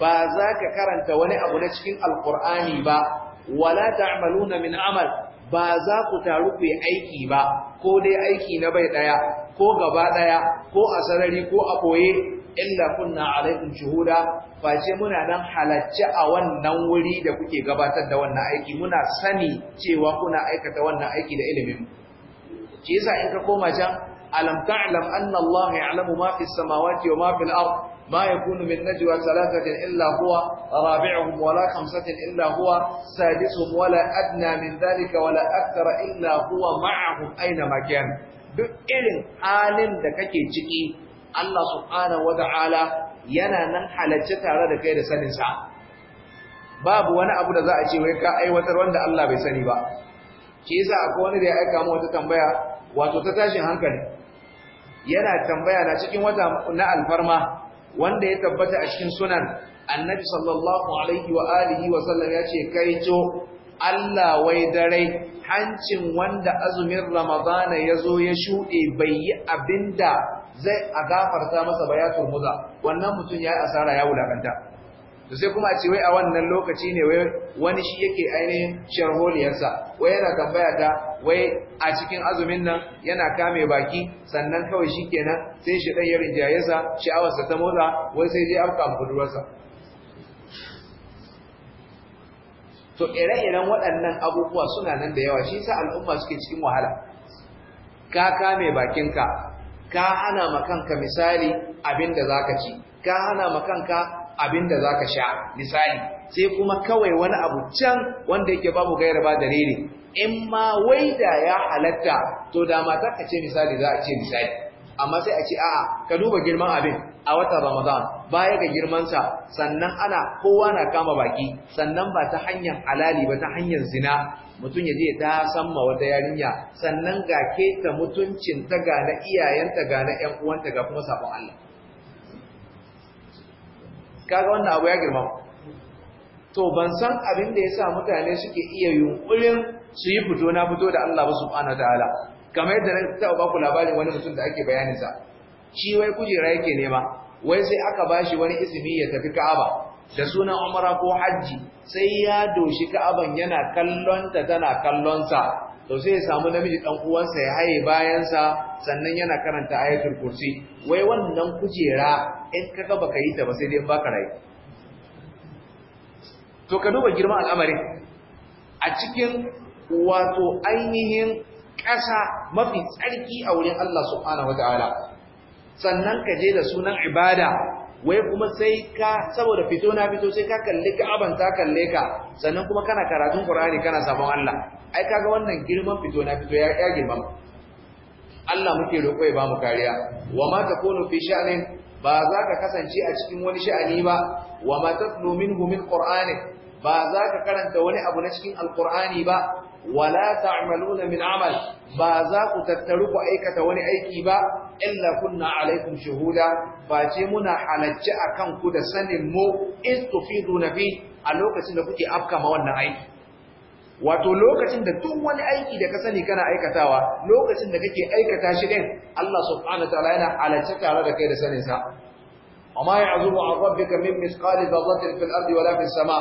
ba za ka karanta wani abu na cikin Alƙur'ani ba wala ta'maluna min amal ba za ku taru ku yi aiki ba ko dai aiki na bai ɗaya, ko gaba daya ko a sarari ko a ɓoye, illa kunna alaikum shuhuda face muna nan halarci a wannan wuri da kuke gabatar da wannan aiki muna sani cewa kuna aikata wannan aiki da ilimin shi yasa in ka koma can alam ta'lam anna Allah ya'lamu ma fi samawati wa ma fil ما يكون من نجوى ثلاثة إلا هو رابعهم ولا خمسة إلا هو سادسهم ولا أدنى من ذلك ولا أكثر إلا هو معهم أينما كان duk irin halin da kake ciki Allah subhanahu wata'ala yana nan halarci tare da kai da sanin babu wani abu da za a ce wai ka aiwatar wanda Allah bai sani ba shi yasa akwai wani da ya aika mu wata tambaya wato ta tashin hankali yana tambaya na cikin wata na alfarma wanda ya tabbata a cikin sunan annabi sallallahu alaihi wa alihi wa sallam ya ce kai to Allah wai dare hancin wanda azumin ramadana ya zo ya shuɗe bai yi abinda zai a gafarta masa ba ya turmuza wannan mutum ya yi asara ya wulakanta to sai kuma a ce wai a wannan lokaci ne wai wani shi yake ainihin sharholiyarsa wai yana tambaya ta wai a cikin azumin nan yana kame baki sannan kawai shi kenan sai shi ɗan ya rinjaye sha'awarsa ta motsa wai sai je afka budurwarsa to ire-iren waɗannan abubuwa suna nan da yawa shi sa al'umma suke cikin wahala ka kame bakinka ka hana ma kanka misali abin da zaka ci ka hana ma kanka abin da zaka sha misali sai kuma kawai wani abu can wanda yake babu gairar ba dalili in ma waida ya halatta to dama matar ka ce misali za a ce misali amma sai a ce a'a ka duba girman abin a wata Ramadan baya ga girmansa sannan ana kowa na kama baki sannan ba ta hanyar alali ba ta hanyar zina mutum ya je ta san ma wata yarinya sannan ga keta mutuncin ta ga na iyayenta ga na ƴan uwanta ga kuma sabon Allah kaga wannan abu ya girma to ban san abin da yasa mutane suke iya yunkurin su yi fito na fito da Allah subhanahu wataala kamar yadda na taɓa baku labarin wani mutum da ake bayaninsa shi wai kujera yake nema wai sai aka bashi wani ismi ya tafi Ka'aba da sunan umara ko hajji sai ya doshi ka'aban yana kallonta tana kallonsa to sai ya samu namiji dan uwansa ya haye bayansa sannan yana karanta ayatul kursi wai wannan kujera in ka ga baka yi ta ba sai dai baka rai to ka duba girman al'amarin a cikin wato ainihin ƙasa mafi tsarki a wurin Allah subhanahu wataala sannan ka je da sunan ibada wai kuma sai ka saboda fito na fito sai ka kalli ka aban ta kalle ka sannan kuma kana karatun qur'ani kana sabon Allah ai kaga wannan girman fito na fito ya ya girman Allah muke roƙo ya mu kariya wa ma takunu fi sha'nin ba za ka kasance a cikin wani sha'ani ba wa ma tatlu minhu min qur'ani ba za ka karanta wani abu na cikin alqur'ani ba wala ta'maluna min amal ba za ku tattaru ku aikata wani aiki ba illa kunna alaikum shuhuda ba ce muna halacci akan ku da sanin mu in tufiduna fi a lokacin da kuke afka ma wannan aiki wato lokacin da duk wani aiki da ka sani kana aikatawa lokacin da kake aikata shi din Allah subhanahu wa ta'ala yana halacci tare da kai da sanin sa amma ya azubu an rabbika min misqali dharratin fil ardi wala fis sama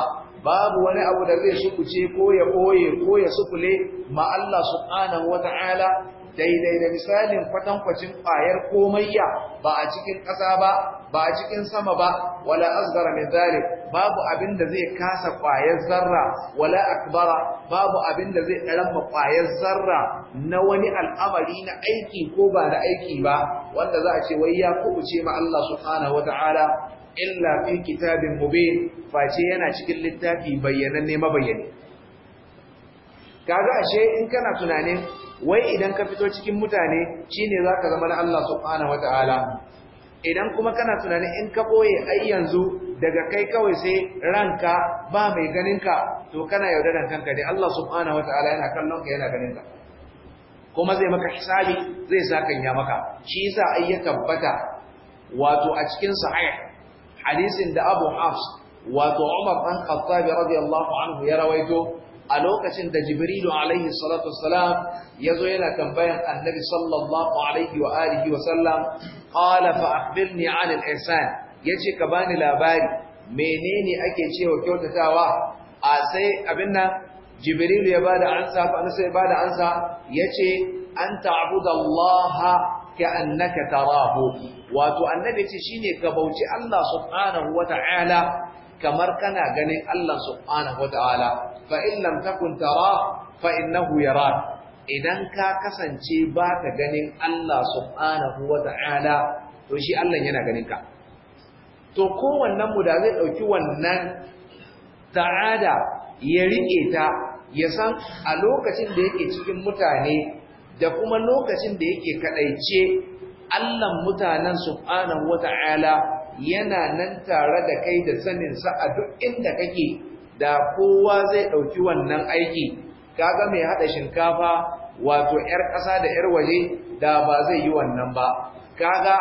babu wani abu da zai sukuce ko ya boye ko ya sufule ma Allah subhanahu ala. daidai da misalin kwatankwacin ƙwayar komayya ba a cikin ƙasa ba ba a cikin sama ba wala asghara mai zalik babu abin da zai kasa ƙwayar zarra wala akbara babu abin da zai ɗaramma ƙwayar zarra na wani al'amari na aiki ko ba na aiki ba wanda za a ce wai ya kubuce ma Allah subhanahu wata'ala illa fi kitabin mubin face yana cikin littafi bayyananne mabayyane kaga ashe in kana tunanin wai idan ka fito cikin mutane shi za zaka zama na Allah subhanahu idan kuma kana tunanin in ka boye ai yanzu daga kai kawai sai ranka ba mai ganinka to kana yaudaran kanka dai Allah subhanahu yana kallon ka yana ganinka kuma zai maka hisabi zai sakanya maka shi yasa ai ya tabbata wato a cikin sahih hadisin da Abu Hafs wato Umar bin Khattab radiyallahu anhu ya rawaito a lokacin da jibrilu alaihi salatu ya zo yana tambayan annabi sallallahu alaihi wa alihi wa sallam fa akhbirni an al-ihsan yace ka bani labari menene ake cewa kyautatawa a sai abin nan jibrilu ya bada ansa fa ansa ya bada ansa yace an ta'budu allaha annaka tarahu wato annabi ce shine ka bauci Allah subhanahu wata'ala kamar kana ganin Allah subhanahu Ta'ala, fa in lam takun tara fa innahu yara. idan ka kasance ba ka ganin Allah subhanahu Ta'ala, to shi Allah yana ganin ka to kowannen mu da zai ɗauki wannan ta'ada ya rike ta ya san a lokacin da yake cikin mutane da kuma lokacin da yake kadaice Allah mutanen subhanahu Ta'ala. yana nan tare da kai da saninsa a duk inda kake da kowa zai ɗauki wannan aiki kaga mai haɗa shinkafa wato 'yar ƙasa da 'yar waje da ba zai yi wannan ba kaga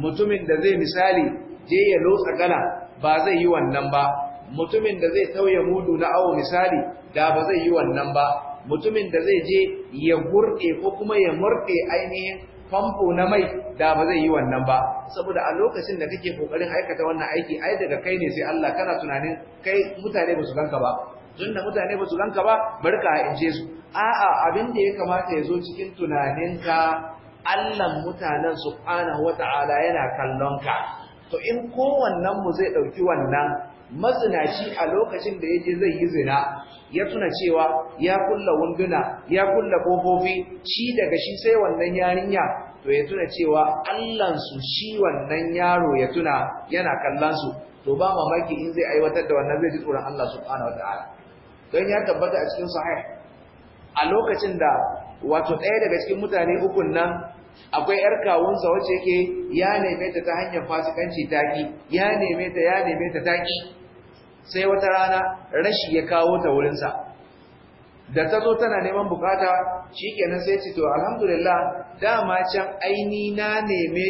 mutumin da zai misali je ya lotsa gana ba zai yi wannan ba mutumin da zai tauye mudu na awo misali da ba zai yi wannan ba mutumin da zai je ya gurɗe ko kuma ya murɗe ainihin famfo na mai da ba zai yi wannan ba saboda a lokacin da kake kokarin aikata wannan aiki ai daga kai ne sai Allah kana tunanin kai mutane ba su ganka ba tun da mutane ba su ganka ba bari ka inje su a'a abin da ya kamata ya zo cikin tunaninka Allah mutanen subhanahu wata'ala yana kallon ka to in kowannen mu zai dauki wannan mazinaci a lokacin da yake zai yi zina ya tuna cewa ya kulla wunduna ya kulla kofofi shi daga shi sai wannan yarinya to ya tuna cewa allansu shi wannan yaro ya tuna yana kallansu to ba mamaki in zai aiwatar da wannan zai ji tsoron Allah subhanahu wa ta'ala don ya tabbata a cikin sahih a lokacin da wato ɗaya daga cikin mutane ukun nan akwai ‘yar kawunsa wacce yake ya neme ta ta hanyar fasikanci taki, ya neme ta ya neme ta taki, sai wata rana rashi ya kawo ta wurinsa da ta zo tana neman bukata shikenan sai ce to alhamdulillah dama can aini na neme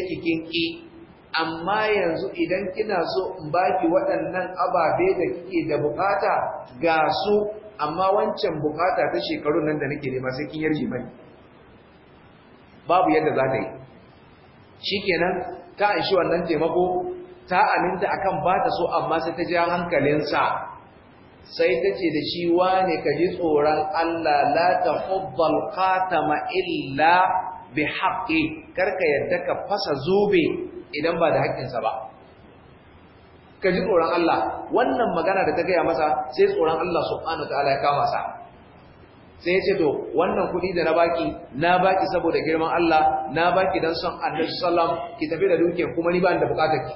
ki amma yanzu idan kina so in baki waɗannan ababe da kike da bukata ga su amma wancan bukata ta shekarun nan da nake nema sai kin yarje mai babu yadda za ta yi shikenan ta shi wannan taimako ta aminta akan ba ta so amma sai ta ja hankalinsa sai ta ce da shi wane ka ji tsoron Allah la ta hubbal qatama illa bi haqqi karka yadda ka fasa zobe idan ba da haƙƙinsa ba ka ji tsoron Allah wannan magana da ta gaya masa sai tsoron Allah subhanahu ta'ala ya kama sa sai ya ce to wannan kuɗi da na baki na baki saboda girman Allah na baki dan son Annabi sallam ki tafi da dukiyar kuma ni ba da bukatar ki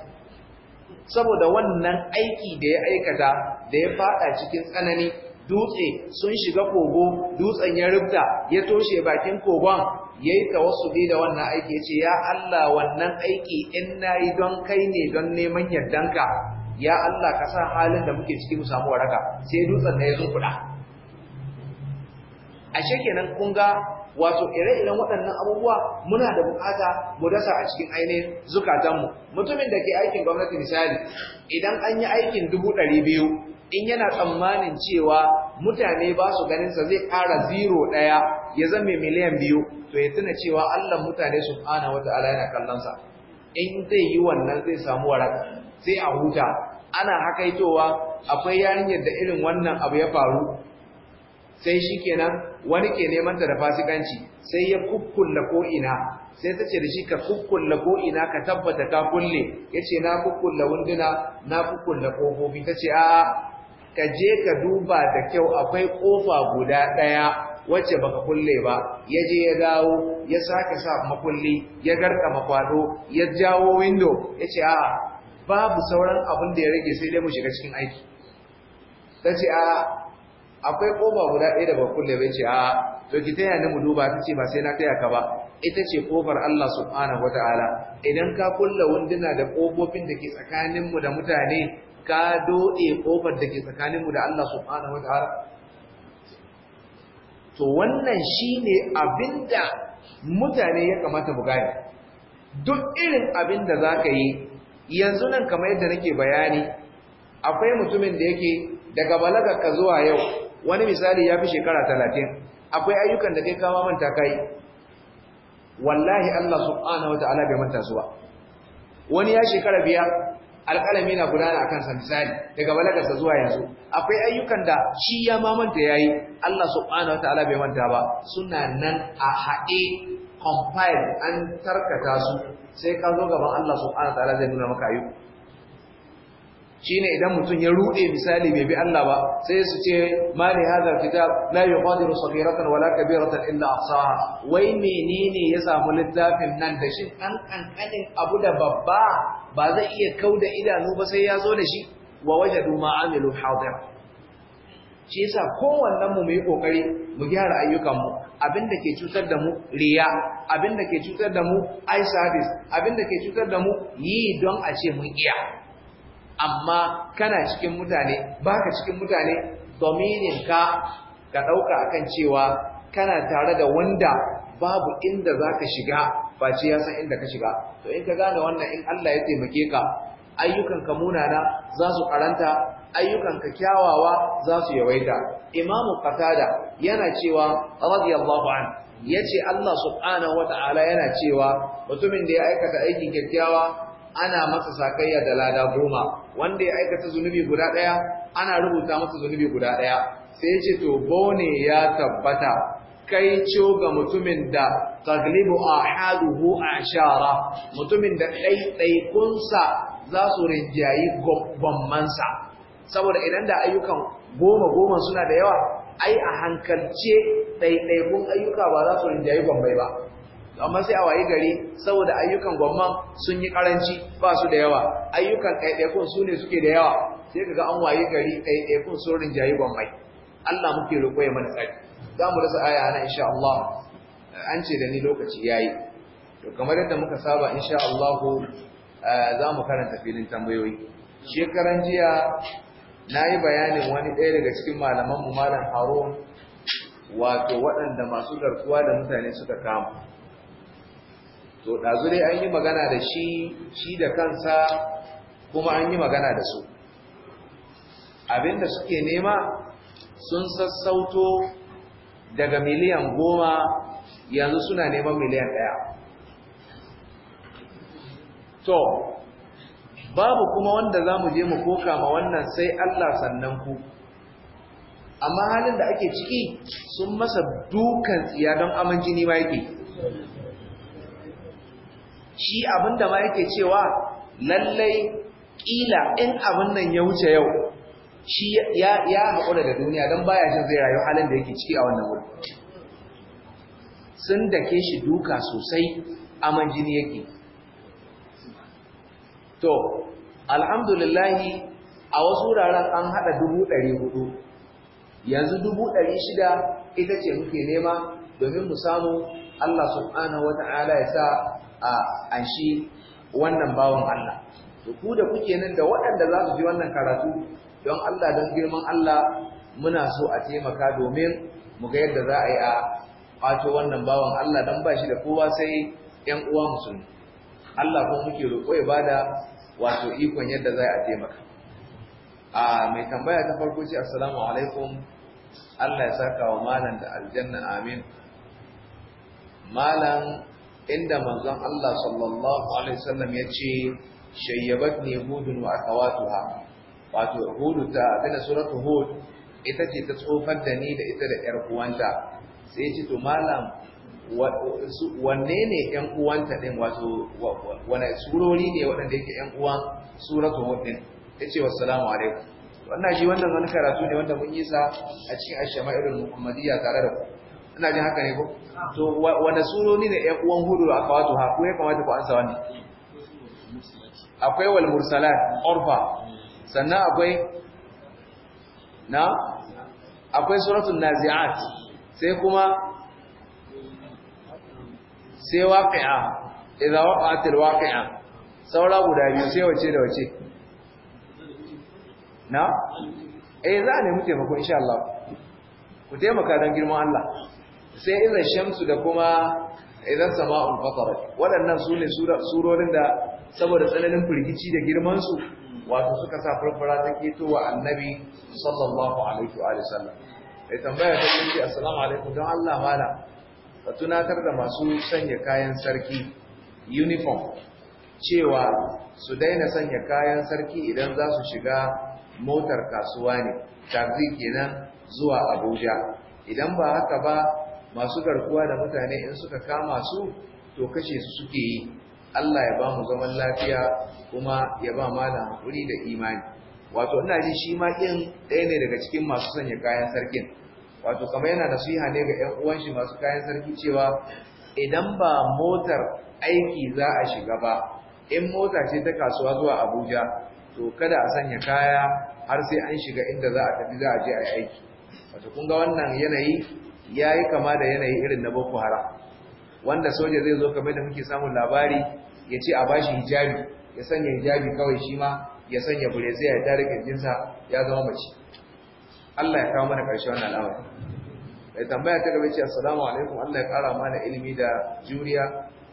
saboda wannan aiki da ya aikata da ya fada cikin tsanani dutse sun shiga kogo dutsen ya rubta ya toshe bakin kogon yayi tawassuli da wannan aiki ya ce. ya Allah wannan aiki in nayi don kai ne don neman yardanka ya Allah ka sa halin da muke ciki mu samu waraka sai dutsen ne ya zo kuda ashe kenan kun ga wato ire-iren waɗannan abubuwa muna da bukata mu dasa a cikin ainihin zukatanmu mutumin da ke aikin gwamnati misali idan an yi aikin dubu ɗari biyu in yana tsammanin cewa mutane ba su ganinsa zai ƙara ziro ɗaya ya zama miliyan biyu to ya tuna cewa allah mutane su Wata wata yana kallonsa in zai yi wannan zai samu waraka sai a huta ana hakaitowa akwai yarinyar da irin wannan abu ya faru sai shi kenan wani ke neman ta da fasikanci sai ya kukkulla ko ina sai ta ce da shi ka kukkulla ko ina ka tabbata ka kulle ya ce na kukkulla wunduna na kukkulla kofofi. ta ce a'a ka je ka duba da kyau akwai ƙofa guda ɗaya wacce baka kulle ba ya je ya dawo ya sake sa makulli ya garka makwado ya jawo windo. ya ce a'a babu sauran abin da ya rage sai dai mu shiga cikin aiki ta ce a'a akwai ƙofa guda ɗaya da ba kulle bai ce a to ki taya ni mu duba ta ce ba sai na taya ka ba ita ce kofar Allah subhanahu wataala idan ka kulle wunduna da kofofin da ke tsakanin mu da mutane ka dode kofar da ke tsakanin mu da Allah subhanahu wataala to wannan shine abinda mutane ya kamata mu gane duk irin abinda zaka yi yanzu nan kamar yadda nake bayani akwai mutumin da yake daga balagarka zuwa yau wani misali ya fi shekara talatin akwai ayyukan da kai kama manta kai wallahi Allah subhanahu wa ta'ala bai manta su wani ya shekara biya, alƙalami na gudana akan sa misali daga balagarsa zuwa yanzu akwai ayyukan da shi ya mamanta yayi Allah subhanahu wa ta'ala bai manta ba suna nan a haɗe compile an tarkata su sai ka zo gaban Allah subhanahu wa ta'ala zai nuna maka ayyuka shine idan mutum ya rude misali bai bi Allah ba sai su ce ma li hadha kitab la yuqadiru saghiratan wala kabiratan illa ahsaha wai menene ya samu littafin nan da shi? an kankanin abu da babba ba zai iya da idanu ba sai ya zo da shi wa waje ma amilu hadira shi yasa kowannen mu yi kokari mu gyara ayyukan mu abinda ke cutar da mu riya abinda ke cutar da mu eye service abinda ke cutar da mu yi don a ce mun iya amma kana cikin mutane baka cikin mutane dominin ka ka dauka akan cewa kana tare da wanda babu inda zaka shiga ba ce ya san inda ka shiga to in ka gane wannan in Allah ya taimake ka ayyukan ka munana za su karanta ayyukan ka kyawawa za su yawaita imamu qatada yana cewa radiyallahu an yace Allah subhanahu wataala yana cewa mutumin da ya aikata aikin kyakkyawa ana masa sakayya da lada goma wanda ya aikata zunubi guda ɗaya ana rubuta masa zunubi guda ɗaya sai ya ce to bone ya tabbata kai ciyo ga mutumin da taglibu a shara mutumin da ɗaiɗaikunsa za su rinjayi gwammansa saboda idan da ayyukan goma goma suna da yawa ai a hankalce ɗaiɗaikun ayyuka ba za su rinjayi gwammai ba amma sai a wayi gari saboda ayyukan gwamman sun yi karanci ba su da yawa ayyukan ɗaiɗaikun su ne suke da yawa sai kaga an wayi gari ɗaiɗaikun sun rinjayi gwammai Allah muke roƙo ya mana tsari za mu rasa aya ana insha Allah an ce da ni lokaci yayi to kamar yadda muka saba insha Allah eh, za mu karanta filin tambayoyi shekaran jiya na yi bayanin wani ɗaya daga cikin malaman mu malam Harun wato waɗanda masu garkuwa da mutane suka kama to ɗazu dai an yi magana da shi shi da kansa kuma an yi magana da su abinda suke nema sun sassauto daga miliyan goma yanzu suna neman miliyan ɗaya to babu kuma wanda za mu je mu koka ma wannan sai Allah sannan ku amma halin da ake ciki sun masa dukan tsiya don aman jini ma yake shi abinda ma yake cewa lallai ƙila in abin nan ya wuce yau shi ya haƙura da duniya don baya jin zai rayu halin da yake ciki a wannan wuri sun dake shi duka sosai aman jini yake to alhamdulillahi a wasu wuraren an haɗa dubu ɗari hudu yanzu dubu ɗari shida ita ce muke nema domin mu samu Allah subhanahu wata'ala ya sa a anshi wannan bawan Allah ku da kuke nan da waɗanda za su ji wannan karatu don Allah don girman Allah muna so a taimaka domin mu ga yadda za a yi a ƙwato wannan bawan Allah don ba shi da kowa sai ‘yan uwa musulmi Allah kuma muke roƙo ya bada wato ikon yadda za a taimaka a mai tambaya ta farko ce assalamu alaikum Allah ya saka wa malam da aljanna amin malam inda manzon Allah sallallahu alaihi wasallam ya ce Shayyabat ne hudun wa akawatuha wato hudu ta da suratu hud ita ce ta tsofar da ni da ita da yar uwanta sai ce to malam wanne ne yan uwanta din wato wani surori ne waɗanda yake yan uwan suratu hud din yace wassalamu alaikum wannan shi wannan wani karatu ne wanda mun yi sa a cikin ashama'irul muhammadiyya tare da ku ina jin haka ne ko to wanda sunoni ne ɗan uwan hudu aka wato ha ko ya kamata ku ansa wani akwai wal mursalat urfa sannan akwai na akwai suratul nazi'at sai kuma sai waqi'a idza waqa'atil waqi'a saura guda biyu sai wace da wace na eh za a nemi taimako insha Allah ku taimaka don girman Allah sai iza shamsu da kuma idan sama'un fatarat waɗannan su ne surorin da saboda tsananin firgici da girmansu wato suka sa farfara ta keto wa annabi sallallahu alaihi wa sallam mai tambaya ta ce assalamu alaikum don Allah mala ka tunatar da masu sanya kayan sarki uniform cewa su daina sanya kayan sarki idan za su shiga motar kasuwa ne tarzi kenan zuwa Abuja idan ba haka ba masu garkuwa da mutane in suka kama su to kashe su suke yi Allah ya ba mu zaman lafiya kuma ya ba malam hakuri da imani wato ina ji shi ma din ɗaya ne daga cikin masu sanya kayan sarkin wato kamar yana da nasiha ne ga 'yan uwan shi masu kayan sarki cewa idan ba motar aiki za a shiga ba in mota ce ta kasuwa zuwa Abuja to kada a sanya kaya har sai an shiga inda za a tafi za a je a aiki wato kun ga wannan yanayi ya yi kama da yanayi irin na boko haram wanda soja zai zo kamar da muke samun labari ya ce a bashi hijabi ya sanya hijabi kawai shi ma ya sanya burezi ya tare kirjinsa ya zama mace Allah ya kawo mana karshe wannan al'amari Mai tambaya ta gaba ce assalamu alaikum Allah ya kara mana ilimi da juriya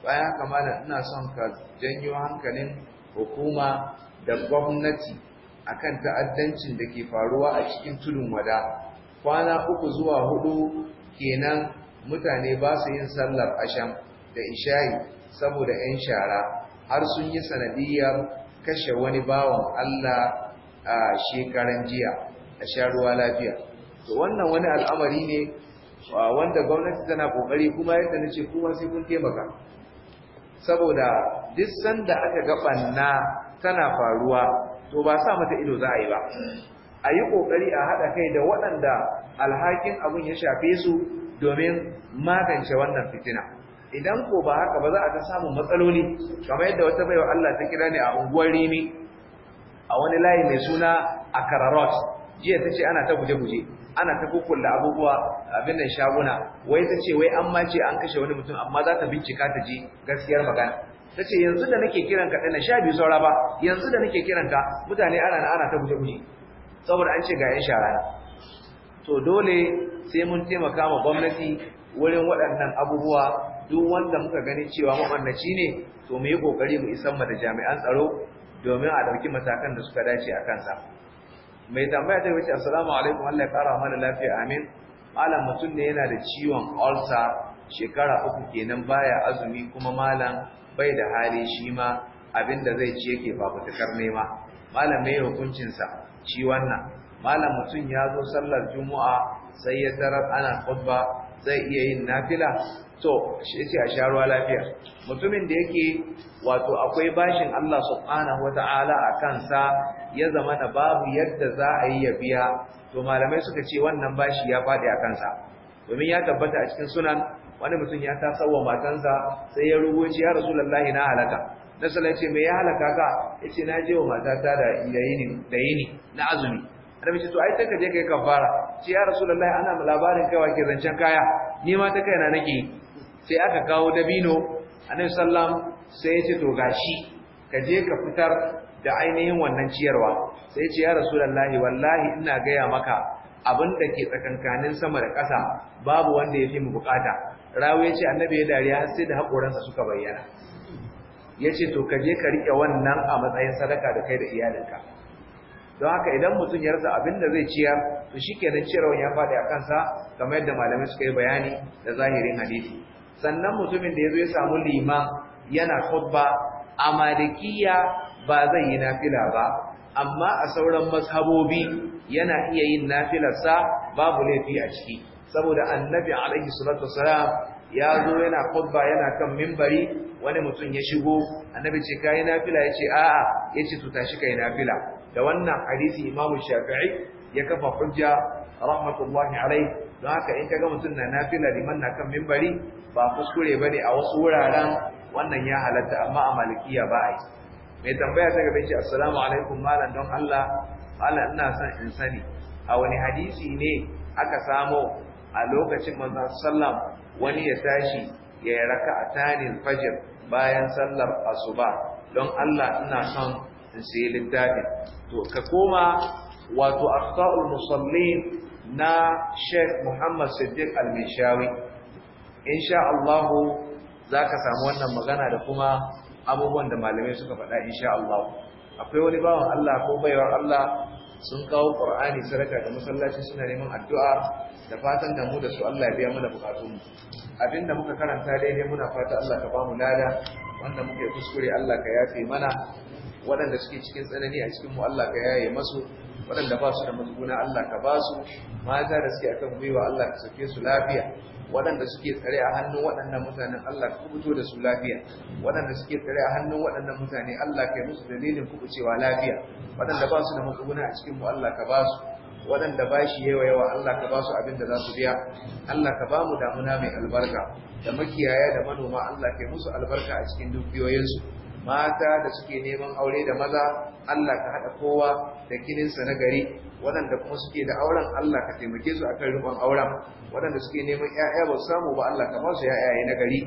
bayan haka mana ina son ka janyo hankalin hukuma da gwamnati akan ta'addancin da ke faruwa a cikin tudun wada kwana uku zuwa hudu kenan mutane ba su yin sallar asham da isha'i saboda 'yan shara har sun yi sanadiyar kashe wani bawan Allah a shekaran jiya a sha lafiya to wannan wani al'amari ne wanda gwamnati tana kokari kuma yadda na ce kuma sai kun taimaka saboda duk sanda aka gaban na tana faruwa to ba sa mata ido za a yi ba a yi kokari a haɗa kai da waɗanda alhakin abun ya shafe su domin magance wannan fitina idan ko ba haka ba za a ta samun matsaloli kamar yadda wata baiwa Allah ta kira ne a unguwar Rimi a wani layi mai suna Akararot jiya ta ce ana ta guje-guje ana ta kukulla abubuwa abin nan shaguna wai ta ce wai an ma ce an kashe wani mutum amma za ta bincika ta ji gaskiyar magana ta ce yanzu da nake kiran ka ɗana sha biyu saura ba yanzu da nake kiran ka mutane ana na ana ta guje-guje saboda an ce ga 'yan shara to dole sai mun taimaka ma gwamnati wurin waɗannan abubuwa duk wanda muka gani cewa mabannaci ne to mu yi kokari mu isan mu da jami'an tsaro domin a ɗauki matakan da suka dace a kansa mai tambaya ta wuce assalamu alaikum Allah ya kara mana lafiya amin malam mutum ne yana da ciwon ulcer shekara uku kenan baya azumi kuma malam bai da hali shi ma abinda zai ci yake fafutukar nema malam mai hukuncinsa ciwon nan. malam mutum ya zo sallar juma'a sai ya tarar ana khutba zai iya yin nafila to shi yace a sha ruwa lafiya mutumin da yake wato akwai bashin Allah subhanahu wata'ala a kansa ya zama da babu yadda za a yi ya biya to malamai suka ce wannan bashi ya faɗi a kansa domin ya tabbata a cikin sunan wani mutum ya tasawa matansa sai ya rubo ya rasulullahi na halaka na ya ce me ya halaka ka yace na je wa matata da yayini da yini na azumi annabi ce to ai sai ka je kai kafara ce ya rasulullahi ana labarin kaiwa ke zancen kaya ni ma ta na nake sai aka kawo dabino annabi sallam sai ya ce to gashi ka je ka fitar da ainihin wannan ciyarwa sai ya ce ya rasulullahi wallahi ina gaya maka abinda ke tsakankanin sama da ƙasa babu wanda ya fi mu bukata rawu ya ce annabi ya dariya har sai da haƙoransa suka bayyana ya ce to ka je ka riƙe wannan a matsayin sadaka da kai da iyalinka don haka idan mutum ya rasa abin da zai ciyar to shi ke nan ciyarwan ya faɗi a kansa kamar yadda malamai suka yi bayani da zahirin hadisi sannan mutumin da ya zo ya samu liman yana khutba a malikiya ba zai yi nafila ba amma a sauran mazhabobi yana iya yin nafilarsa babu laifi a ciki saboda annabi alaihi salatu wasalam ya zo yana khutba yana kan mimbari wani mutum ya shigo annabi ce kai nafila yace a'a yace to tashi kai nafila da wannan hadisi imamu shafi'i ya kafa hujja rahmatullahi alai don haka in kaga mutum na nafila liman na kan mimbari ba kuskure bane a wasu wuraren wannan ya halatta amma a malikiya ba ai mai tambaya ta gaba ce assalamu alaikum malam don Allah malam ina son in sani a wani hadisi ne aka samo a lokacin manzon sallam wani ya tashi ya raka a fajr bayan sallar asuba don Allah ina son in sai littafin to ka koma wato afsa'ul musallin na Sheikh Muhammad Siddiq Al-Mishawi insha Allah zaka samu wannan magana da kuma abubuwan da malamai suka faɗa insha Allah akwai wani bawan Allah ko baiwar Allah sun kawo Qur'ani sadaka da masallaci suna neman addu'a da fatan da mu da su Allah ya biya mana bukatunmu abinda muka karanta daidai muna fata Allah ka bamu lada wanda muke kuskure Allah ka yafe mana waɗanda suke cikin tsanani a cikin Allah ka yaye masu waɗanda ba su da matsuguna Allah ka ba su mata da suke akan gwiwa Allah ka sauke su lafiya waɗanda suke tsare a hannun waɗannan mutanen Allah ka kubuto da su lafiya waɗanda suke tsare a hannun waɗannan mutane Allah ka yi musu dalilin kubucewa lafiya waɗanda ba su da matsuguna a cikin Allah ka ba su waɗanda ba shi yawa yawa Allah ka ba su abin da za su biya Allah ka ba mu damuna mai albarka da makiyaya da manoma Allah ka yi musu albarka a cikin dukiyoyinsu mata da suke neman aure da maza Allah ka haɗa kowa da kininsa na gari waɗanda kuma suke da auren Allah ka taimake su akan rubon auren waɗanda suke neman 'ya'ya ba samu ba Allah ka ba su 'ya'yi na gari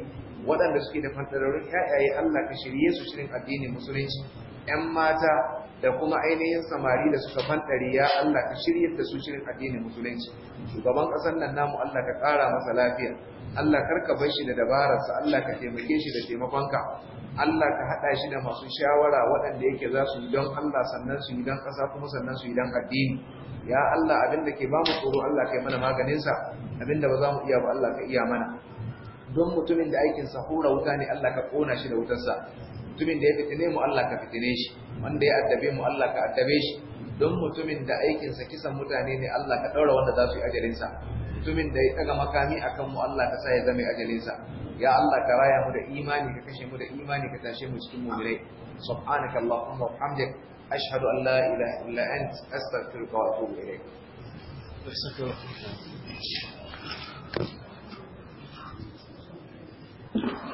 waɗanda suke da fantararrun ƴaƴaye Allah ka shirye su shirin addinin musulunci Yan mata da kuma ainihin samari da suka fantare ya Allah ka shirye da su shirin addinin musulunci shugaban ƙasar nan namu Allah ka ƙara masa lafiya Allah karka bar shi da dabararsa Allah ka taimake shi da taimakonka Allah ka haɗa shi da masu shawara waɗanda yake za su yi don Allah sannan su yi don ƙasa kuma sannan su yi don addini ya Allah abin da ke ba mu tsoro Allah kai mana maganinsa abin da ba za mu iya ba Allah ka iya mana don mutumin da aikinsa hura wuta ne Allah ka ƙona shi da wutarsa mutumin da ya fitine mu Allah ka fitine shi wanda ya addabe mu Allah ka addabe shi don mutumin da aikinsa kisan mutane ne Allah ka ɗaura wanda za su yi ajalinsa mutumin da ya daga makami akan mu Allah ta sa ya zama ajalinsa ya Allah ka raya mu da imani ka kashe mu da imani ka tashe mu cikin mu'minai subhanaka allahumma wa bihamdik ashhadu an la ilaha illa ant astaghfiruka wa atubu ilayk Thank you.